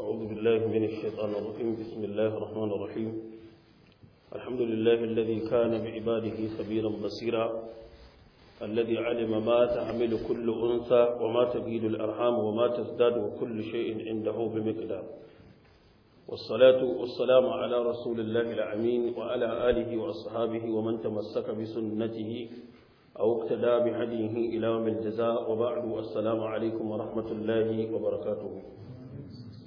أعوذ بالله من الشيطان الرجيم بسم الله الرحمن الرحيم الحمد لله الذي كان بعباده خبيرا بصيرا الذي علم ما تحمل كل أنثى وما تبيد الأرحام وما تزداد وكل شيء عنده بمقدار والصلاة والسلام على رسول الله الأمين وعلى آله وأصحابه ومن تمسك بسنته أو اقتدى بهديه إلى من الجزاء وبعد السلام عليكم ورحمة الله وبركاته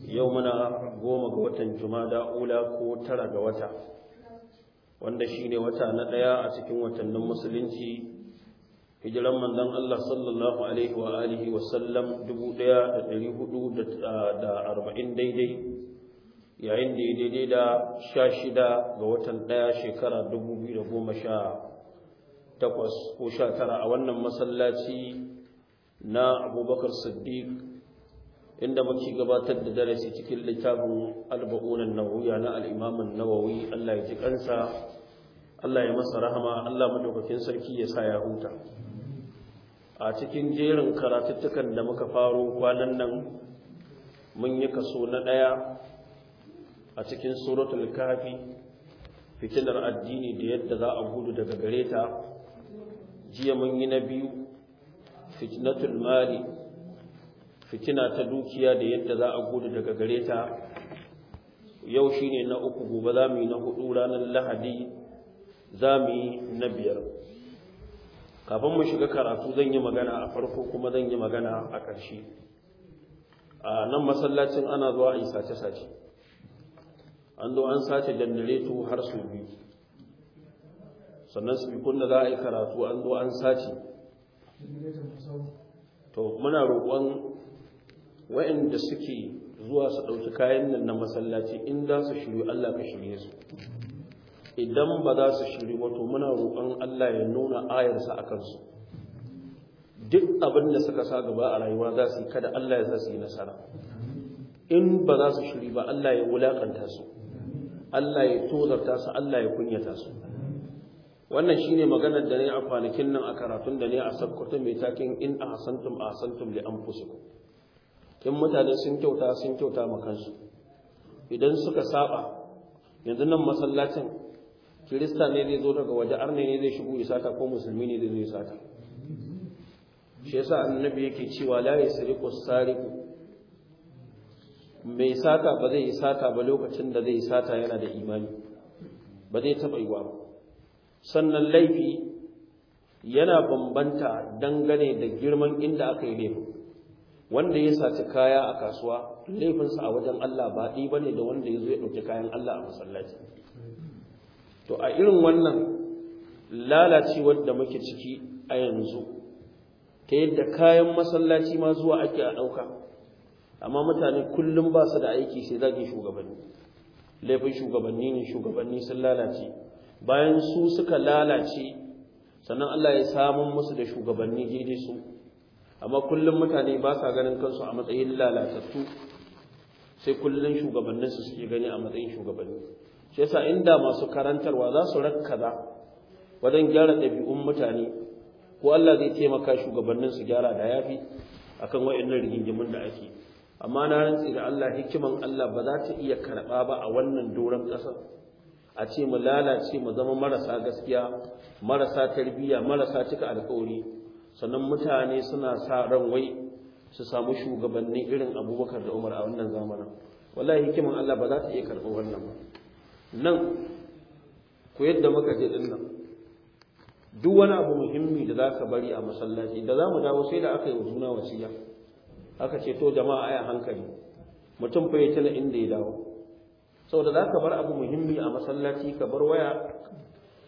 yau muna goma ga watan jumada ula ko tara ga wata wanda shine wata na ɗaya a cikin watannin musulunci hijiran manzon Allah sallallahu alaihi wa alihi wa sallam 1440 daidai yayin da daidai da 16 ga watan ɗaya shekara 2018 ko 19 a wannan masallaci na Abubakar Siddiq inda muke gabatar da darasi cikin littafin alba'unan nawawiya na al'imamin nawawi Allah ya ji kansa Allah ya masa rahama Allah madaukakin sarki ya sa ya huta a cikin jerin karatuttukan da muka faro kwanan nan mun yi kaso na ɗaya a cikin suratul kafi fitinar addini da yadda za a gudu daga gare ta jiya mun yi na biyu fitnatul mali fitina ta dukiya da yadda za a gudu daga gare ta yau shine na uku gobe za mu yi na hudu ranar lahadi za mu yi na biyar kafin mu shiga karatu zan yi magana a farko kuma zan yi magana a ƙarshe a nan masallacin ana zuwa a yi sace-sace an zo an sace janareto har su biyu sannan su da za a yi karatu an zo an sace to muna roƙon Wa'inda suke zuwa su ɗauki kayan nan na masallaci in za su shiryu Allah ka shirye su idan ba za su shiri wato, muna roƙon Allah ya nuna ayarsa a kansu duk abin da suka sa gaba a rayuwa za su yi kada Allah ya sa su yi nasara in ba za su shiri ba Allah ya wulakanta su Allah ya tozarta su Allah ya kunyata su wannan shine maganar da ne a kwanakin nan a karatun da ne a sakkwato mai takin in ahsantum ahsantum li anfusikum in mutane sun kyauta sun kyauta ma idan suka saba yanzu nan masallacin kirista ne zai zo daga waje arne ne zai shigo isata ko musulmi ne zai zo isata shi yasa annabi yake cewa la yasriqu sariqu mai sata ba zai sata ba lokacin da zai sata yana da imani ba zai taba yiwa ba sannan laifi yana bambanta dangane da girman inda aka yi laifin wanda ya saci kaya a kasuwa laifinsa a wajen Allah ba ɗi ba ne da wanda ya zo ya ɗauki kayan Allah a masallaci to a irin wannan lalacewar da muke ciki a yanzu ta yadda kayan masallaci ma zuwa ake a ɗauka amma mutane kullum ba su da aiki sai zage shugabanni laifin shugabanni ne shugabanni sun lalace bayan su suka lalace sannan Allah ya samun musu da shugabanni daidai su amma kullum mutane ba sa ganin kansu a matsayin lalatattu sai kullum shugabannin su suke gani a matsayin shugabanni shi yasa inda masu karantarwa za su rakkaza wajen gyara ɗabi'un mutane ko Allah zai taimaka shugabannin su gyara da yafi akan wayannan rigingimin da ake amma na rantsi da Allah hikiman Allah ba za ta iya karɓa ba a wannan doron ƙasar a ce mu lalace mu zama marasa gaskiya marasa tarbiyya marasa cika alƙawari sannan mutane suna sa ran wai su samu shugabanni irin abubakar da umar a wannan zamanin wallahi hikiman Allah ba za ta iya karɓar wannan ba nan ku yadda muka je din nan duk wani abu muhimmi da za ka bari a masallaci da za mu dawo sai da aka yi wa juna wasiya aka ce to jama'a aya hankali mutum fa ya tana inda ya dawo saboda za ka bar abu muhimmi a masallaci ka bar waya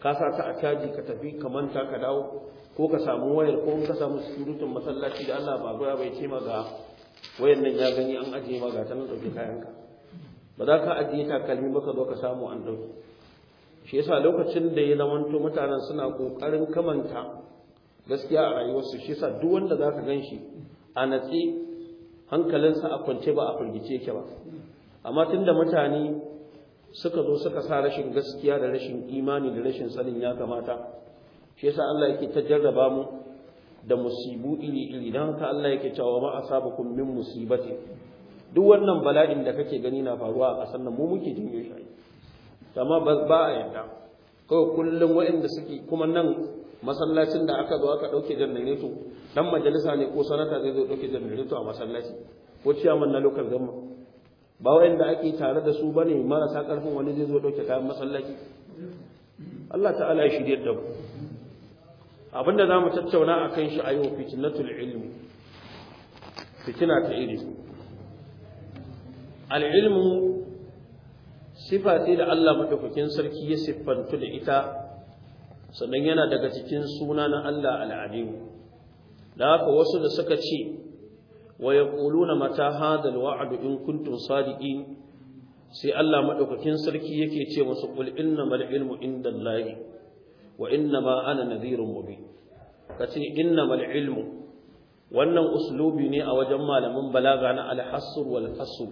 ka sa ta a caji ka tafi ka manta ka dawo ko ka samu wayar ko ka samu surutun masallaci da Allah ba goya bai ce maka wayar nan ya gani an ajiye ma ga ta nan dauke kayan ba za ka ajiye takalmi ba ka zo ka samu an dauke shi yasa lokacin da ya zamanto mutanen suna kokarin kamanta gaskiya a rayuwarsu shi yasa duk wanda za ka gan shi a natsi hankalinsa a kwance ba a firgice ke ba amma tunda mutane suka zo suka sa rashin gaskiya da rashin imani da rashin sanin ya kamata shi yasa Allah yake ta jarraba mu da musibu iri iri dan haka Allah yake cewa ma asabakum min musibati duk wannan bala'in da kake gani na faruwa a ƙasar nan mu muke jin shi amma ba a yadda kawai kullum waɗanda suke kuma nan masallacin da aka zo aka ɗauke janareto dan majalisa ne ko sanata zai zo ɗauke janareto a masallaci ko ciyaman na lokal gamma ba wanda ake tare da su bane marasa ƙarfin wani zai zo dauke kayan masallaci Allah ta'ala ya shirye da mu abinda zamu tattauna akan shi a yau fitnatul ilmi fitina ta iri al ilmu sifa ce da Allah maɗaukakin sarki ya siffantu da ita sannan yana daga cikin suna na Allah al da haka wasu da suka ce wa yaquluna mata hadha alwa'd in kuntum sadiqin sai Allah madaukakin sarki yake ce musu qul innamal ilmu indallahi wa innama ana nadhirun mubin kace wannan uslubi ne a wajen malamin balaga na alhasr wal hasr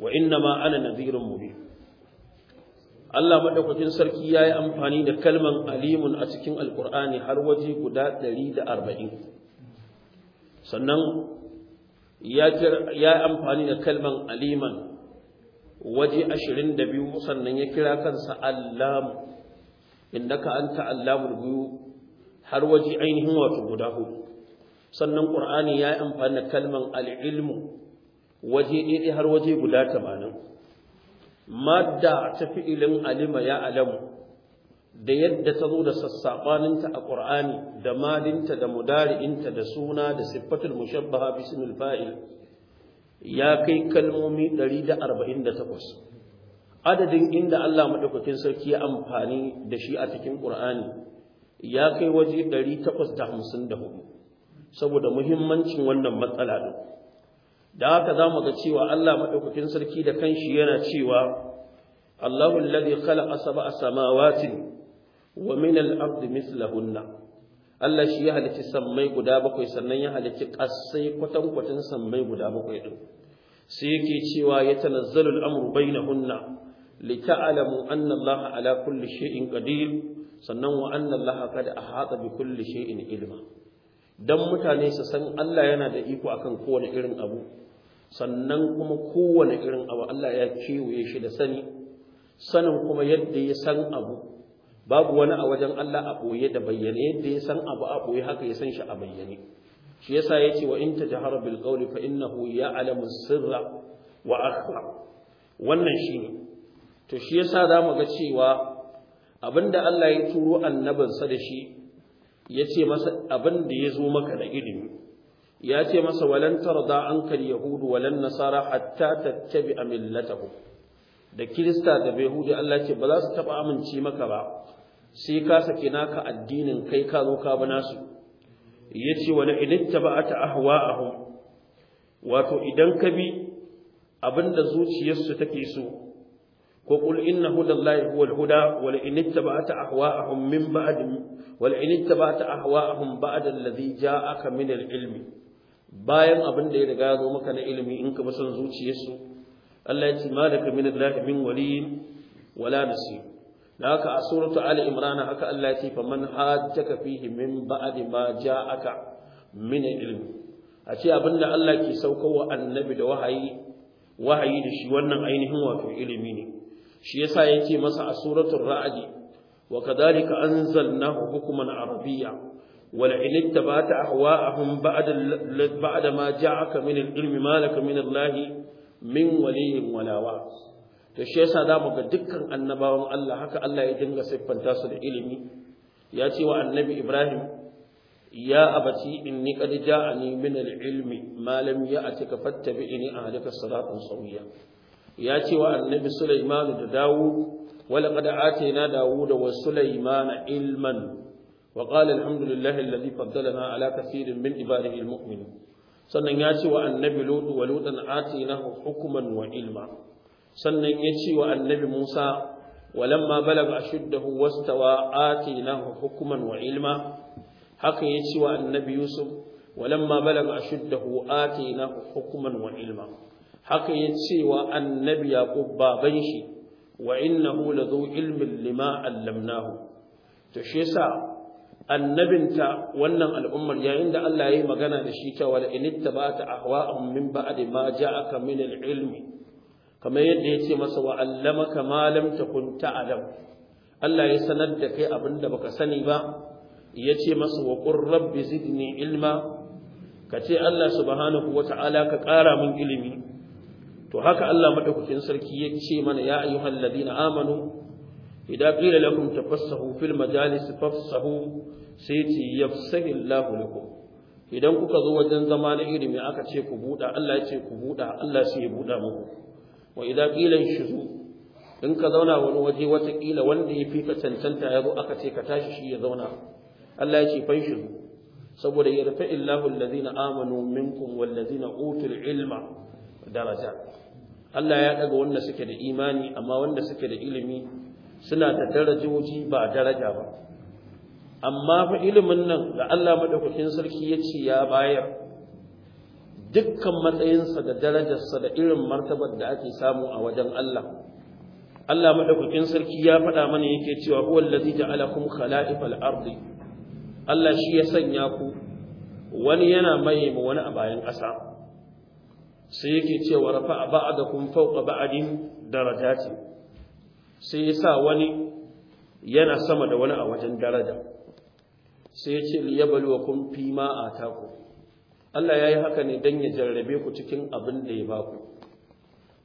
wa innama ana nadhirun mubin Allah madaukakin sarki ya yi amfani da kalman alimun a cikin alqur'ani har waje guda 140 sannan ya amfani da kalman aliman waje ashirin da biyu sannan ya kira kansa allamu ka anta allamul biyu, har waje ainihin wato guda hudu sannan qur'ani yi amfani da kalman al'ilmu, waje ɗaya har waje guda 80 madda ta fi'ilin alima ya alamu da yadda ta zo da sassaɓaninta a ƙur'ani da madinta da mudari'inta da suna da siffatul mushabbaha bismil fa'il ya kai kalmomi 148 adadin inda Allah maɗaukakin sarki ya amfani da shi a cikin ƙur'ani ya kai waje 854 saboda muhimmancin wannan matsala din da haka za mu ga cewa Allah maɗaukakin sarki da kanshi yana cewa Allahu alladhi khalaqa sab'a samawati wa min al-ardi mislahunna Allah shi ya halicci sammai guda bakwai sannan ya halicci ƙasai kwatan sammai guda bakwai din sai yake cewa ya tanazzalu al-amru bainahunna ta'lamu anna Allah ala kulli shay'in qadir sannan wa anna Allah qad ahata bi kulli shay'in ilma dan mutane su san Allah yana da iko akan kowane irin abu sannan kuma kowane irin abu Allah ya kewaye shi da sani sanin kuma yadda ya san abu babu wani a wajen Allah a ɓoye da bayyane yadda ya san abu a ɓoye haka ya san shi a bayyane shi yasa ya ce wa in ta jahara bil qawli fa innahu ya'lamu sirra wa akhfa wannan shine to shi yasa zamu ga cewa abinda Allah ya turo annabinsa da shi ya ce masa abin da ya zo maka da ilimi ya ce masa walan tarda anka al yahudu walan nasara hatta tattabi'a millatahum da kirista da behudi Allah ce ba za su taɓa amince maka ba sai ka sake naka addinin kai ka zo ka bi nasu yace wala idatta ba'ata ahwa'ahum wato idan ka bi abinda zuciyarsu take so ko kul inna hudallahi huwal huda wala inittaba'ta ahwa'ahum min ba'd wala inittaba'ta ahwa'ahum ba'd alladhi ja'aka min al-ilmi bayan abinda ya riga zo maka na ilimi in ka bi son zuciyarsu Allah ya ce ma malaka min Allah min wali wala nasi da haka a suratu ali imran haka Allah ya ce fa faman hajjaka fihi min ba'di ma ja'aka min ilmi a ce abinda Allah ke saukowa annabi da wahayi wahayi da shi wannan ainihin wato ilimi ne shi yasa yake masa a suratul ra'd wa kadhalika anzalnahu hukman arabiyya ولئن اتبعت أهواءهم بعد بعد ما جاءك من العلم ما لك من الله min waliyin walawa to shi yasa za mu ga dukkan annabawan Allah haka Allah ya dinga siffanta su da ilimi ya ce wa annabi Ibrahim ya abati inni qad ja'ani min al-ilmi ma lam ya'tika fattabi'ni a siratan sawiya ya ce wa annabi Sulaiman da Dawud ولقد آتينا داود وسليمان علما وقال الحمد لله الذي فضلنا على كثير من عباده المؤمنين sannan ya ce wa annabi lutu wa lutan na hukuman wa ilma sannan ya ce wa annabi musa walamma balaga ashuddahu wastawa atinahu hukman wa ilma haka ya ce wa annabi yusuf walamma balaga ati na hukuman wa ilma haka ya ce wa annabi yaqub baban shi wa innahu ladhu ilmin lima allamnahu to shi yasa annabinta wannan al'ummar yayin da Allah ya yi magana da shi cewa la in ittaba'ta ahwa'ahum min ba'di ma ja'aka min al-ilmi kamar yadda ya ce masa wa allamaka ma lam takun ta'lam Allah ya sanar da kai abin da baka sani ba ya ce masa wa qur rabbi zidni ilma ka ce Allah subhanahu wata'ala ka ƙara min ilimi to haka Allah madaukakin sarki ya ce mana ya ayyuhal ladina amanu idza qila lakum tafassahu fil majalis fafsahu sai ce yafsahu Allahu idan kuka zo wajen zama na ilimi aka ce ku buɗa Allah ya ce ku buɗa Allah sai ya buɗa muku wa idza qila shuzu in ka zauna wani waje wata kila wanda ya fi ka cancanta ya zo aka ce ka tashi shi ya zauna Allah ya ce saboda ya rafa illahu allazina amanu minkum wallazina utul ilma daraja Allah ya daga wanda suke da imani amma wanda suke da ilimi suna da darajoji ba daraja ba amma fa ilimin nan da Allah madaukakin sarki ya ce ya bayar dukkan matsayinsa da darajarsa da irin martabar da ake samu a wajen Allah Allah madaukakin sarki ya faɗa mana yake cewa huwal ladzi ja'alakum khala'ifal ardi Allah shi ya sanya ku wani yana maye ma wani a bayan ƙasa sai yake cewa rafa'a ba'dakum fawqa ba'din darajati sai ya sa wani yana sama da wani a wajen daraja sai ya ce kun fi ma taku. Allah ya yi haka ne don ya jarrabe ku cikin abin da ya baku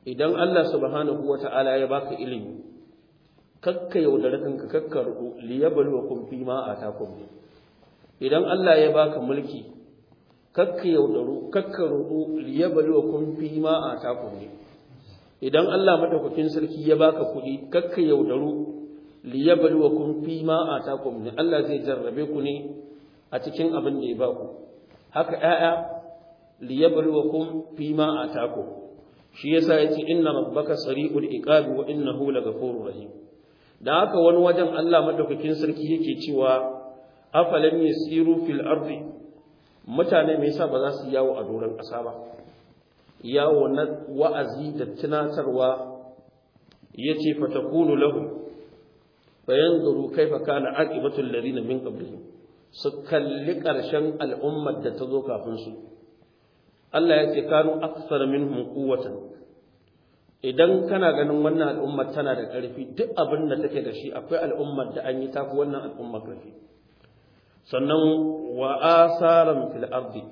idan Allah subhanahu ta'ala ya baka ilimi kakka yaudare kanka kakka ruku kun fi ma atakum idan Allah ya baka mulki kakka yaudaru kakka ruku kun fi ma taku ne idan Allah madaukakin sarki ya baka kuɗi kakka yaudaru liyabluwakum fi ma atakum ne Allah zai jarrabe ku ne a cikin abin da ya baku haka ƴaƴa kun fi ma atakum shi yasa yace inna rabbaka sari'ul iqabi wa innahu laghafurur rahim da haka wani wajen Allah madaukakin sarki yake cewa afalam yasiru fil ardi mutane me yasa ba za su yawo a doron ƙasa ba yawo na wa'azi da tunatarwa ya yace fatakunu lahum na kaifa kana lari na min qablihim su kalli ƙarshen al'ummar da ta zo kafin su Allah ya ce kanu aksar min hunkuwatan idan kana ganin wannan al'ummar tana da ƙarfi duk abin da take da shi akwai al'ummar da an yi tafi wannan al'ummar ƙarfi sannan wa asaran fil ardi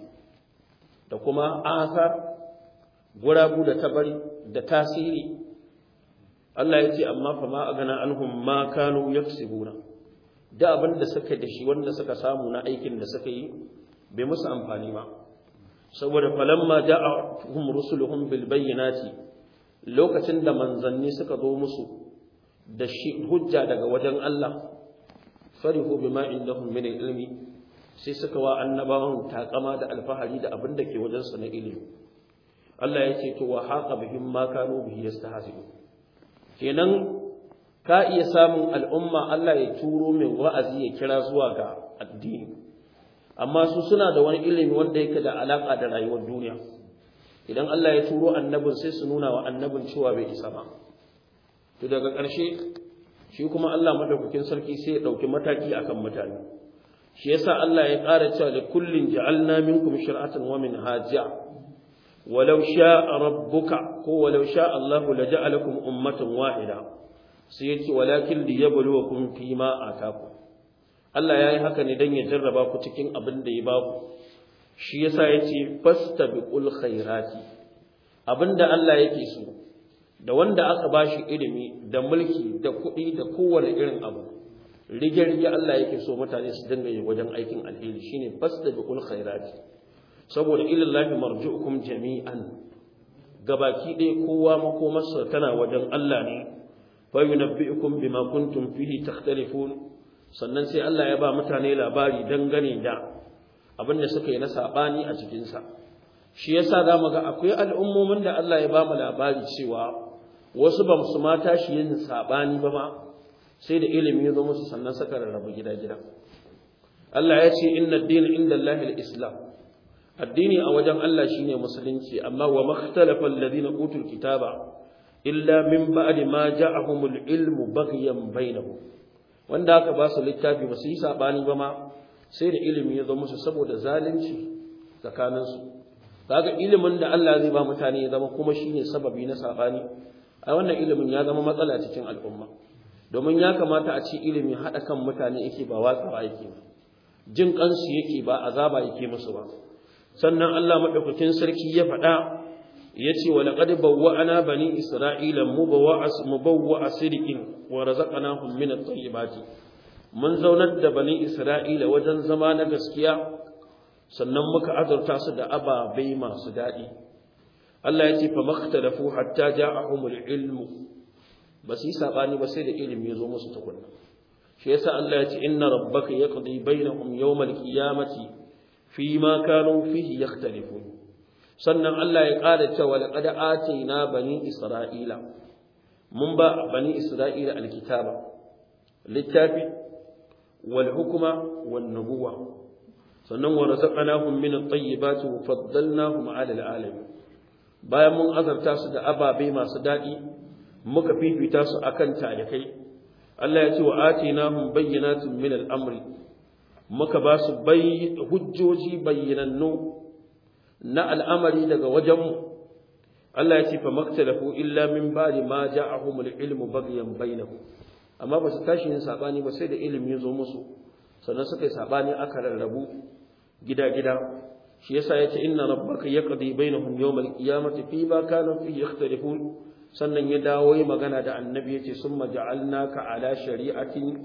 da kuma asar gurabu da tabari da tasiri Allah ya ce amma fa ma agana anhum ma kanu yaksibuna da abin da suka da shi wanda suka samu na aikin da suka yi bai musu amfani ba saboda falamma ja'ahum rusuluhum bil bayyinati lokacin da manzanni suka zo musu da shi hujja daga wajen Allah farihu bima indahum min ilmi sai suka wa annabawan takama da alfahari da abin da ke wajen su na ilimi Allah ya ce to wa haqa bihim ma kanu bihi yastahzi'u kenan ka iya samun al'umma Allah ya turo mai wa'azi ya kira zuwa ga addini amma su suna da wani ilimi wanda yake da alaka da rayuwar duniya idan Allah ya turo annabin sai su nuna wa annabin cewa bai isa ba to daga ƙarshe shi kuma Allah madaukakin sarki sai ya dauki mataki akan mutane shi yasa Allah ya ƙara cewa da kullin ja'alna minkum shir'atan wa minhaja walau sha rabbuka ko walau sha Allahu la ja'alakum ummatan wahida sai yace walakin liyabluwakum fima ataku Allah yayi haka ne dan ya jarraba ku cikin abin da ya ba ku shi yasa yace fastabiqul khairati abinda Allah yake so da wanda aka ba shi ilimi da mulki da kuɗi da kowane irin abu rige-rige Allah yake so mutane su dinga yi wajen aikin alheri shine fastabiqul khairati saboda ilallahi marji'ukum jami'an gabaki ɗaya kowa makomarsa tana wajen Allah ne fa yunabbi'ukum bima kuntum fihi takhtalifun sannan sai Allah ya ba mutane labari dangane da abin da suka yi na sabani a cikin sa shi yasa zamu ga akwai al'ummomin da Allah ya ba mu labari cewa wasu ba su ma tashi yin sabani ba ma sai da ilimi ya zo musu sannan suka rarrabu gida gida Allah ya ce inna ad-din inda Allahil Islam addini a wajen Allah shi ne musulunci amma wa makhtalafa alladhina utul kitaba illa min ba'di ma ja'ahumul ilmu baghyan bainahu wanda aka ba su littafi ba su yi sabani ba ma sai da ilimi ya zo musu saboda zalunci tsakanin su kaga ilimin da Allah zai ba mutane ya zama kuma shine sababi na sabani a wannan ilimin ya zama matsala cikin al'umma domin ya kamata a ci ilimi haɗa kan mutane yake ba watsa ba yake ba jin kansu yake ba azaba yake musu ba sannan Allah madaukakin sarki ya faɗa yace wa laqad bawwa'ana bani isra'ila mubawwa'as mubawwa'a sirqin wa razaqnahum min at-tayyibati mun zaunar da bani isra'ila wajen zama na gaskiya sannan muka azurta su da ababai masu daɗi Allah ya ce fa makhtalafu hatta ja'ahumul ilmu ba su yi saɓani ba sai da ilimi ya zo musu tukunna shi yasa Allah ya ce inna rabbaka yaqdi bainahum yawmal qiyamati fi ma kanu fihi sannan Allah ya ƙara cewa laqad na bani isra'ila mun ba bani isra'ila alkitaba littafi wal hukuma, wan nubuwa sannan wa razaqnahum min at-tayyibati wa na kuma al-'alamin bayan mun azarta su da ababe masu daɗi muka fifita su a kan talikai Allah ya ce wa atinahum bayyana min al-amri muka ba su hujjoji bayyanannu na al'amari daga wajenmu Allah ya ce fa maktalafu illa min ba'di ma ja'ahumul ilmu baghyan bainahum amma ba su tashi yin saɓani ba sai da ilimi ya zo musu sannan suka yi sabani aka rarrabu gida gida shi yasa yace inna rabbaka yaqdi bainahum yawmal qiyamati fi ma kanu fi yakhtalifun sannan ya dawo yi magana da annabi ya sun summa ja'alnaka ala shari'atin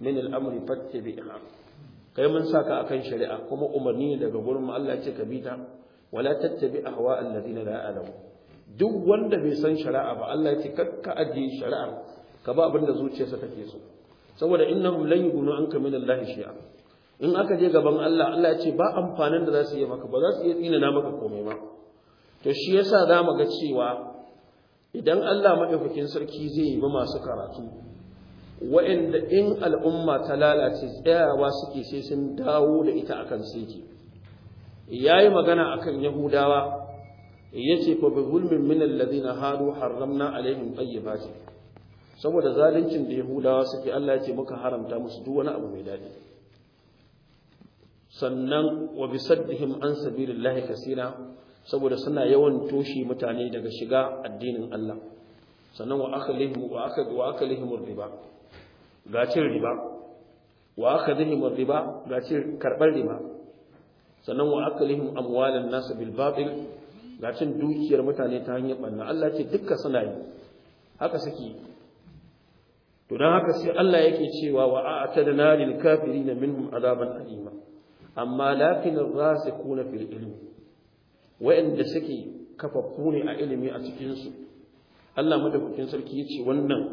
min al-amri fattabi'ha kai mun saka akan shari'a kuma umarni ne daga gurin mu Allah ce ka bi ta, wala tattabi ahwa alladhina la ya'lamu duk wanda bai san shari'a ba Allah ya ce kakka ajiye shari'a ka ba abin da zuciyarsa take so saboda innahum lan yughnu anka min Allah shay'a in aka je gaban Allah Allah ya ce ba amfanin da za su yi maka ba za su iya tsinana maka komai ba to shi yasa za mu ga cewa idan Allah madaukakin sarki zai yi ba masu karatu Wa'inda in al'umma ta lalace tsayawa suke sai sun dawo da ita akan siki yayi magana akan yahudawa yace fa bi zulmin min alladhina hadu harramna alaihim tayyibati saboda zaluncin da yahudawa suke Allah yace muka haramta musu duk wani abu mai dadi sannan wa bi saddihim an sabilillahi kasira saboda suna yawan toshe mutane daga shiga addinin Allah sannan wa akalihim wa akalihim riba ga cin riba wa akhadhihim riba ga cin karɓar riba sannan wa aklihim amwalan nas bil batil ga cin dukiyar mutane ta hanyar banna Allah ce dukka suna yi haka suke to dan haka sai Allah yake cewa wa a'tadna lil na minhum azaban alima amma lakin ar-rasikuna fil ilmi wa'anda suke kafaffu ne a ilimi a cikinsu Allah madaukakin sarki ya ce wannan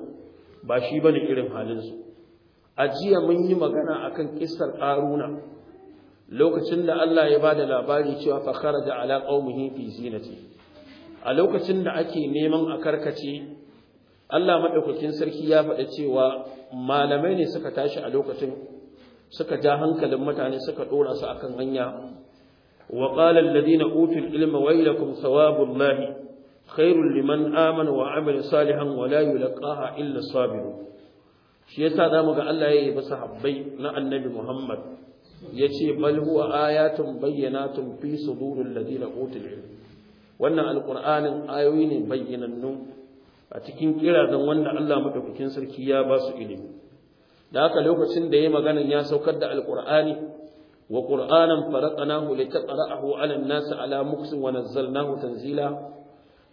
ba shi bane irin halinsu a jiya mun yi magana akan kissar ƙaruna lokacin da Allah ya bada labari cewa fa kharaja ala qaumihi fi zinati a lokacin da ake neman a karkace Allah madaukakin sarki ya faɗa cewa malamai ne suka tashi a lokacin suka ja hankalin mutane suka dora su akan hanya wa qala alladhina utul ilma waylakum thawabullahi khairul liman amana wa amila salihan wa la yulqaha illa sabirun shi yasa zamu ga Allah ya yabi sahabbai na Annabi Muhammad yace bal huwa ayatun bayyinatun fi suduril ladina utul ilm wannan alqur'anin ayoyi ne bayyanannu. a cikin kirazan wanda Allah madaukakin sarki ya ba su ilimi da haka lokacin da yayi maganan ya saukar da alqur'ani wa qur'anan faraqnahu litaqra'ahu 'ala an-nasi 'ala muksin wa nazzalnahu tanzila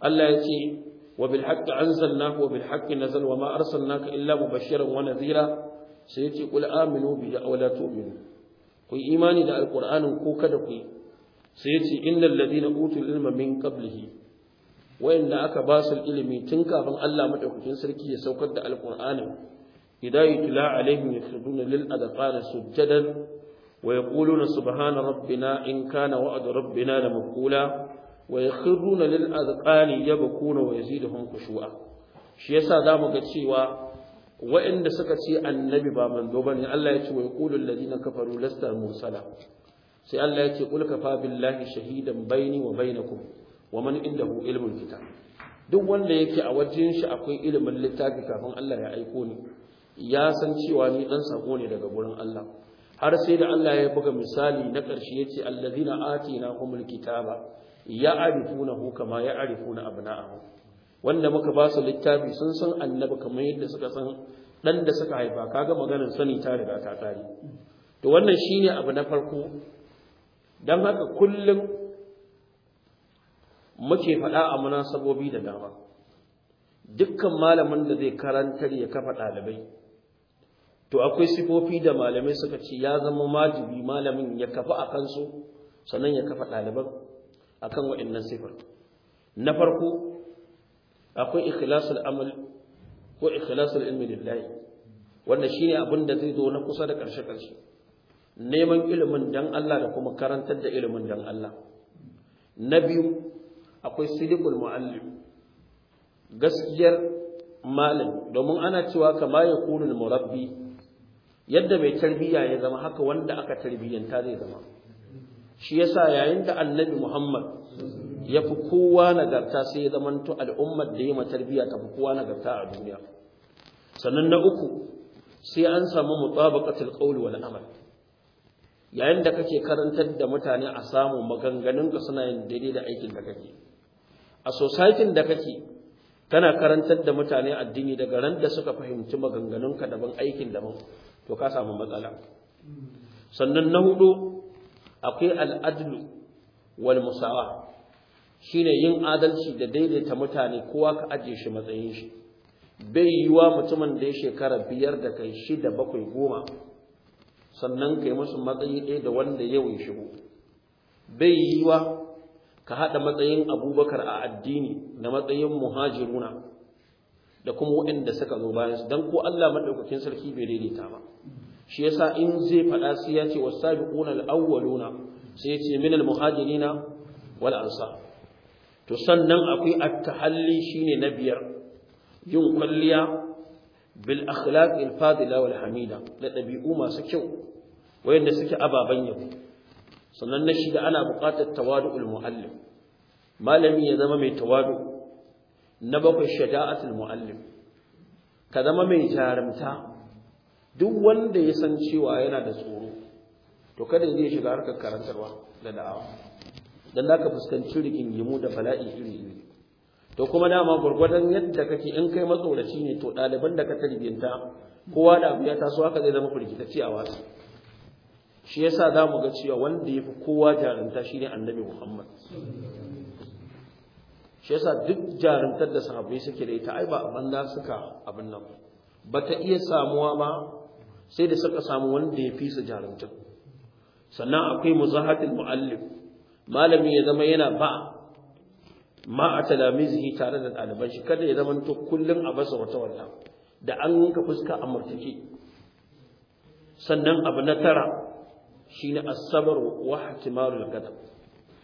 Allah yace وبالحق أنزلناه وبالحق نزل وما أرسلناك إلا مبشرا ونذيرا سيتي قل آمنوا بي ولا تؤمنوا كي إيماني دا القرآن كوكا دا كي سيتي إن الذين أوتوا العلم من قبله وإن أكا باس العلم تنكا من الله متوكين سركي يسوكد دا القرآن إذا يتلى عليهم يخرجون للأذقان سجدا ويقولون سبحان ربنا إن كان وعد ربنا لمقولا wa yakhruna lil azqani yabkuna wa yaziduhum shi yasa zamu ga cewa waɗanda suka ce annabi ba manzo bane Allah ya ce wa yaqulu alladhina kafaru lasta mursala sai Allah ya ce qul kafa billahi shahidan baini wa bainakum wa man indahu ilmul kitab duk wanda yake a wajen shi akwai ilimin littafi kafin Allah ya aiko ni ya san cewa ni dan sako ne daga gurin Allah har sai da Allah ya buga misali na ƙarshe yace alladhina atinahumul kitaba Ya ya'rifunahu kama ya'rifuna abna'ahum wanda muka ba su littafi sun san annabi kamar yadda suka san dan da suka haifa kaga maganar sani ta riga ta tsari to wannan shine abu na farko dan haka kullum muke faɗa a munasabobi da dama dukkan malamin da zai karantar ya kafa ɗalibai to akwai sifofi da malamai suka ce ya zama majibi malamin ya kafa a kansu sannan ya kafa ɗaliban akan waɗannan sifar na farko akwai ikhlasul amal ko ikhlasul ilmi lillahi wannan shine abin da zai zo na kusa da ƙarshe ƙarshe neman ilimin dan Allah da kuma karantar da ilimin dan Allah na biyu akwai sidikul muallim gaskiyar malam domin ana cewa kama ya kunul murabbi yadda mai tarbiyya ya zama haka wanda aka tarbiyyanta zai zama shi yasa yayin da annabi Muhammad ya fi kowa nagarta sai ya zamanto al'ummar da ya matarbiya ta fi kowa nagarta a duniya sannan na uku sai an samu mutabaqatul qawli wal amal yayin da kake karantar da mutane a samu maganganunka suna yin daidai da aikin da kake a society da kake kana karantar da mutane addini daga ran da suka fahimci maganganunka daban aikin daban to ka samu matsala sannan na hudu akwai al'adlu wal musawa shine yin adalci da daidaita mutane kowa ka ajiye shi matsayin shi bai yiwa mutumin da ya shekara biyar da kai shida bakwai goma sannan kai musu matsayi ɗaya da wanda yau ya shigo bai yiwa ka haɗa matsayin abubakar a addini da matsayin muhajiruna da kuma waɗanda suka zo bayan su don ko Allah maɗaukakin sarki bai daidaita ba shi yasa in zai faɗa sai ya ce wasabiquna alawwaluna sai ya ce min almuhajirina wal ansar to sannan akwai at-tahalli shine na biyar yin kwalliya bil akhlaq al fadila wal hamida da dabi'u masu kyau wayanda suke ababan yau sannan na shida ana buƙatar tawadu'ul muallim malami ya zama mai tawadu na bakwai shaja'atul muallim ka zama mai jarumta duk wanda ya san cewa yana da tsoro to kada je shiga harkar karantarwa da da'awa dan da ka fuskanci rigingimu da bala'i iri iri to kuma dama gurgurdan yadda kake in kai matsoraci ne to ɗaliban da ka tarbiyanta kowa da abu ya taso haka zai zama firgitacce a wasu shi yasa za mu ga cewa wanda ya fi kowa jarumta shi ne annabi muhammad shi yasa duk jarumtar da sahabbai suke da ita ai ba a banza suka abin nan ba ta iya samuwa ba sai da suka samu wanda ya fi su jarumta sannan akwai muzahadin mu'allif malami ya zama yana ba ma a talamizihi tare da ɗaliban shi kada ya zama to kullum a basa wata wata da an yanka fuska a murtaki sannan abu na tara shine asabar wa al gadab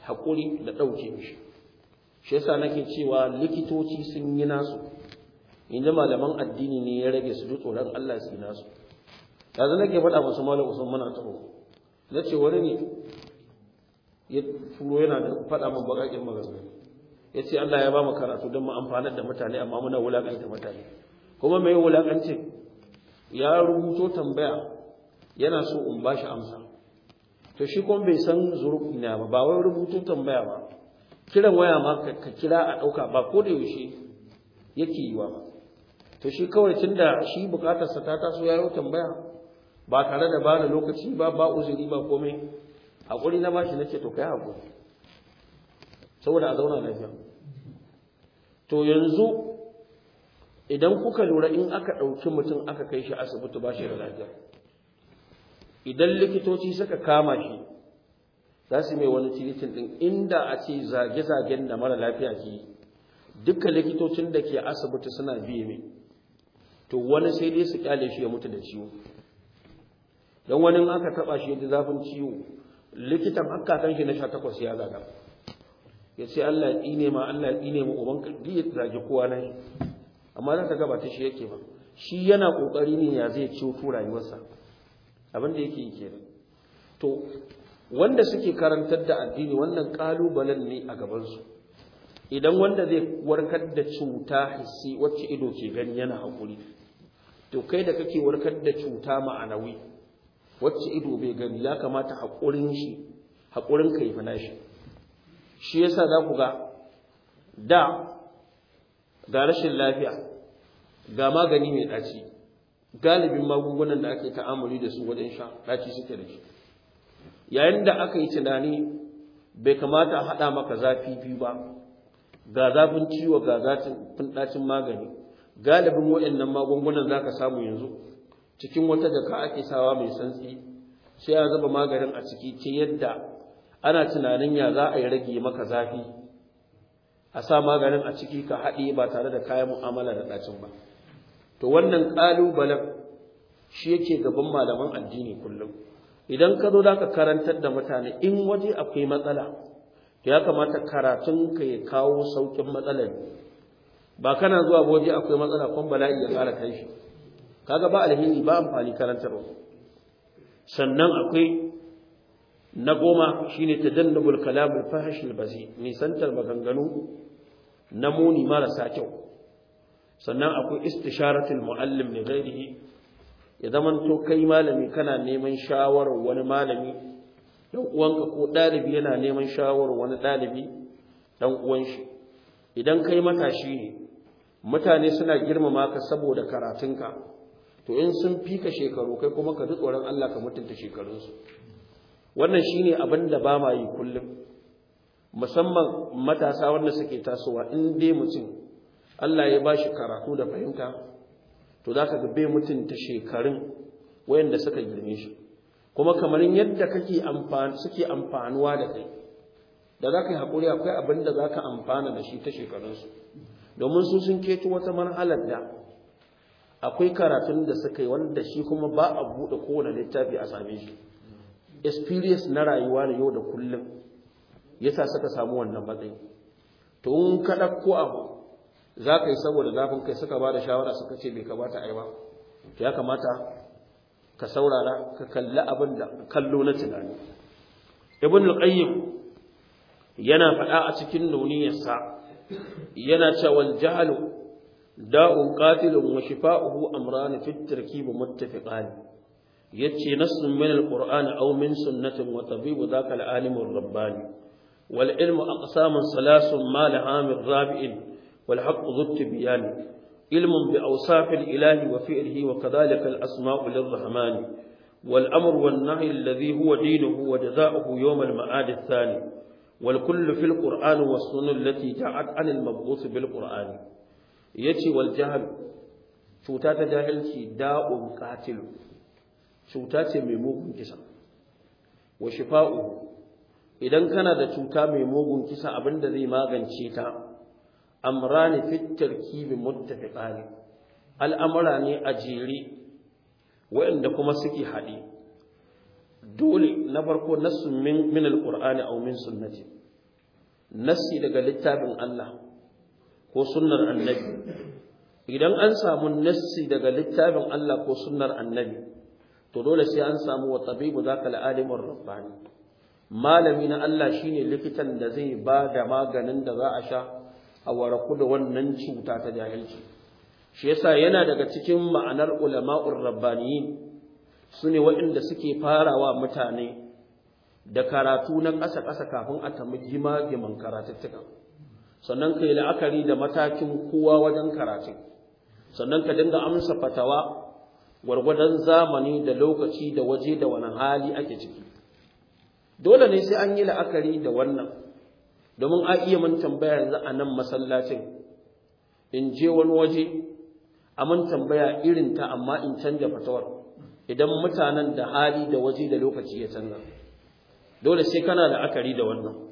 hakuri da ɗauke shi shi yasa nake cewa likitoci sun yi nasu inda malaman addini ne ya rage su ji tsoron Allah su yi nasu yanzu nake faɗa musu malam usman a taho na ce wani ne ya turo yana da faɗa min baƙaƙen maganganu ya ce Allah ya ba mu karatu don mu amfanar da mutane amma muna wulaƙanta mutane kuma mai wulaƙanci ya rubuto tambaya yana so in ba shi amsa to shi kuma bai san na ba ba wai rubuto tambaya ba kiran waya ma ka kira a ɗauka ba ko da yaushe yake yiwa ba to shi kawai tunda shi bukatarsa ta taso ya yi tambaya ba tare da bani lokaci ba ba uzuri ba komai haƙuri na bashi nake to kai haƙuri. saboda a zauna lafiya to yanzu idan kuka lura in aka ɗauki mutum aka kai shi asibiti ba shi da lafiya idan likitoci suka kama shi za su mai wani tiritin ɗin inda a ce zage-zagen da mara lafiya ke duka likitocin da ke asibiti suna biye mai to wani sai dai su kyale shi ya mutu da ciwo don wani aka taba shi yadda zafin ciwo likitan akka kan shi na takwas ya zaga ya ce Allah ya ne ma Allah ya ne ma uban kaddi ya zage kowa nan amma za ka gaba ta shi yake ba shi yana kokari ne ya zai ciwo ko rayuwarsa abin da yake yi to wanda suke karantar da addini wannan kalubalen ne a gabansu idan wanda zai warkar da cuta hissi wacce ido ke gani yana haƙuri to kai da kake warkar da cuta ma'anawi wacce ido bai gani ya kamata haƙurin shi haƙurin ka yi shi shi ya sa za ku ga da ga rashin lafiya ga magani mai ɗaci galibin magungunan da ake ta'amuli da su wajen sha ɗaci suke da shi yayin da aka yi tunani bai kamata a haɗa maka zafi biyu ba ga zafin ciwo ga zafin ɗacin magani galibin waɗannan magungunan za ka samu yanzu cikin wata jaka ake sawa mai santsi sai ya zuba maganin a ciki ta yadda ana tunanin ya za a yi rage maka zafi a sa maganin a ciki ka haɗe ba tare da kayan mu'amala da ɗacin ba to wannan ƙalubalen shi yake gaban malaman addini kullum idan ka zo zaka karantar da mutane in waje akwai matsala to ya kamata karatun ka ya kawo sauƙin matsalar ba kana zuwa waje akwai matsala kuma bala'i ya ƙara kai shi kaga ba alheri ba amfani karantarwa sannan akwai na goma shine tadannabul kalam al fahish al bazi santar maganganu na muni marasa kyau sannan akwai istisharatul muallim li ghairihi ya zaman to kai malami kana neman shawarar wani malami dan uwanka ko dalibi yana neman shawarar wani dalibi dan uwan shi idan kai matashi ne mutane suna girmama ka saboda karatunka to in sun fika shekaru kai kuma ka ji tsoron Allah ka mutunta shekarunsu wannan shine abin da ba ma yi kullum musamman matasa wanda suke tasowa in dai mutum Allah ya ba shi karatu da fahimta to za ka ga bai mutunta shekarun wayanda suka girme shi kuma kamar yadda kake amfani suke amfanuwa da kai da za ka yi haƙuri akwai abin da za ka amfana da shi ta shekarunsu domin su sun keto wata marhalar da akwai karatun da suka yi wanda shi kuma ba a buɗe kowane littafi a same shi experience na rayuwa na yau da kullum yasa suka samu wannan matsayi to in ka ɗauko abu za ka yi saboda zafin kai suka ba da shawara suka ce bai kamata a yi ba ya kamata ka saurara ka kalli abin da kallo na tunani ibn al-qayyim yana faɗa a cikin nuniyarsa yana cewa al-jahlu داء قاتل وشفاؤه أمران في التركيب متفقان يتشي نص من القرآن أو من سنة وطبيب ذاك العالم الرباني والعلم أقسام ثلاث ما لهام رابع والحق ذو التبيان علم بأوصاف الإله وفئره وكذلك الأسماء للرحمن والأمر والنهي الذي هو دينه وجزاؤه يوم المعاد الثاني والكل في القرآن والسنة التي جاءت عن المبعوث بالقرآن yace wal jahl cuta ta jahilci da'un qatil cuta ce mai mugun kisa wa shifa'u idan kana da cuta mai mugun kisa abinda zai magance ta amrani fit tarkibi muttafiqani al'amura ne a jere waɗanda kuma suke haɗe dole na farko nasu min qur'ani aw min sunnati nasi daga littafin Allah ko sunnar annabi idan an samu nassi daga littafin Allah ko sunnar annabi to dole sai an samu wa tabibu zaka al'alimur rabbani malami na Allah shine likitan da zai ba da maganin da za a sha a waraku da wannan cuta ta jahilci shi yasa yana daga cikin ma'anar ulama'ur rabbaniyin sune waɗanda suke farawa mutane da karatu na ƙasa-ƙasa kafin a tamu gima-giman karatuttukan sannan ka yi la'akari da matakin kowa wajen karatun sannan ka dinga amsa fatawa gwargwadon zamani da lokaci da waje da wani hali ake ciki dole ne sai an yi la'akari da wannan domin a iya mun tambaya yanzu a nan masallacin in je wani waje a mun tambaya irin ta amma in canja fatawar idan mutanen da hali da waje da lokaci ya canza dole sai kana la'akari da wannan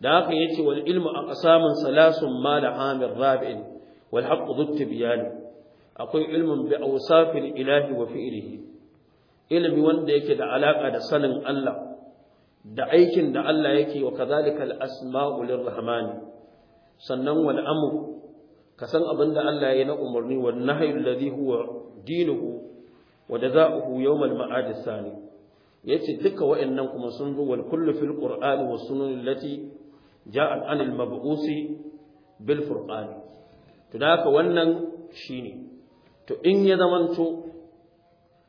da haka ya yace wal ilmu aqsamun salasun ma la hamir rabi'in wal haqqu dhu tibyan akwai ilmin bi wusafin ilahi wa fi'lihi ilmi wanda yake da alaƙa da sanin Allah da aikin da Allah yake wa kazalika al asma'u lirrahmani sannan wal amr kasan abinda Allah ya na umarni wal nahyi alladhi huwa dinuhu wa jazaohu yawm ma'ad sani yace duka wa'annan kuma sun zo wal kullu fil qur'ani wa sunan ja'at anil mab'usi bil furqani to da ka wannan shine to in ya zamanto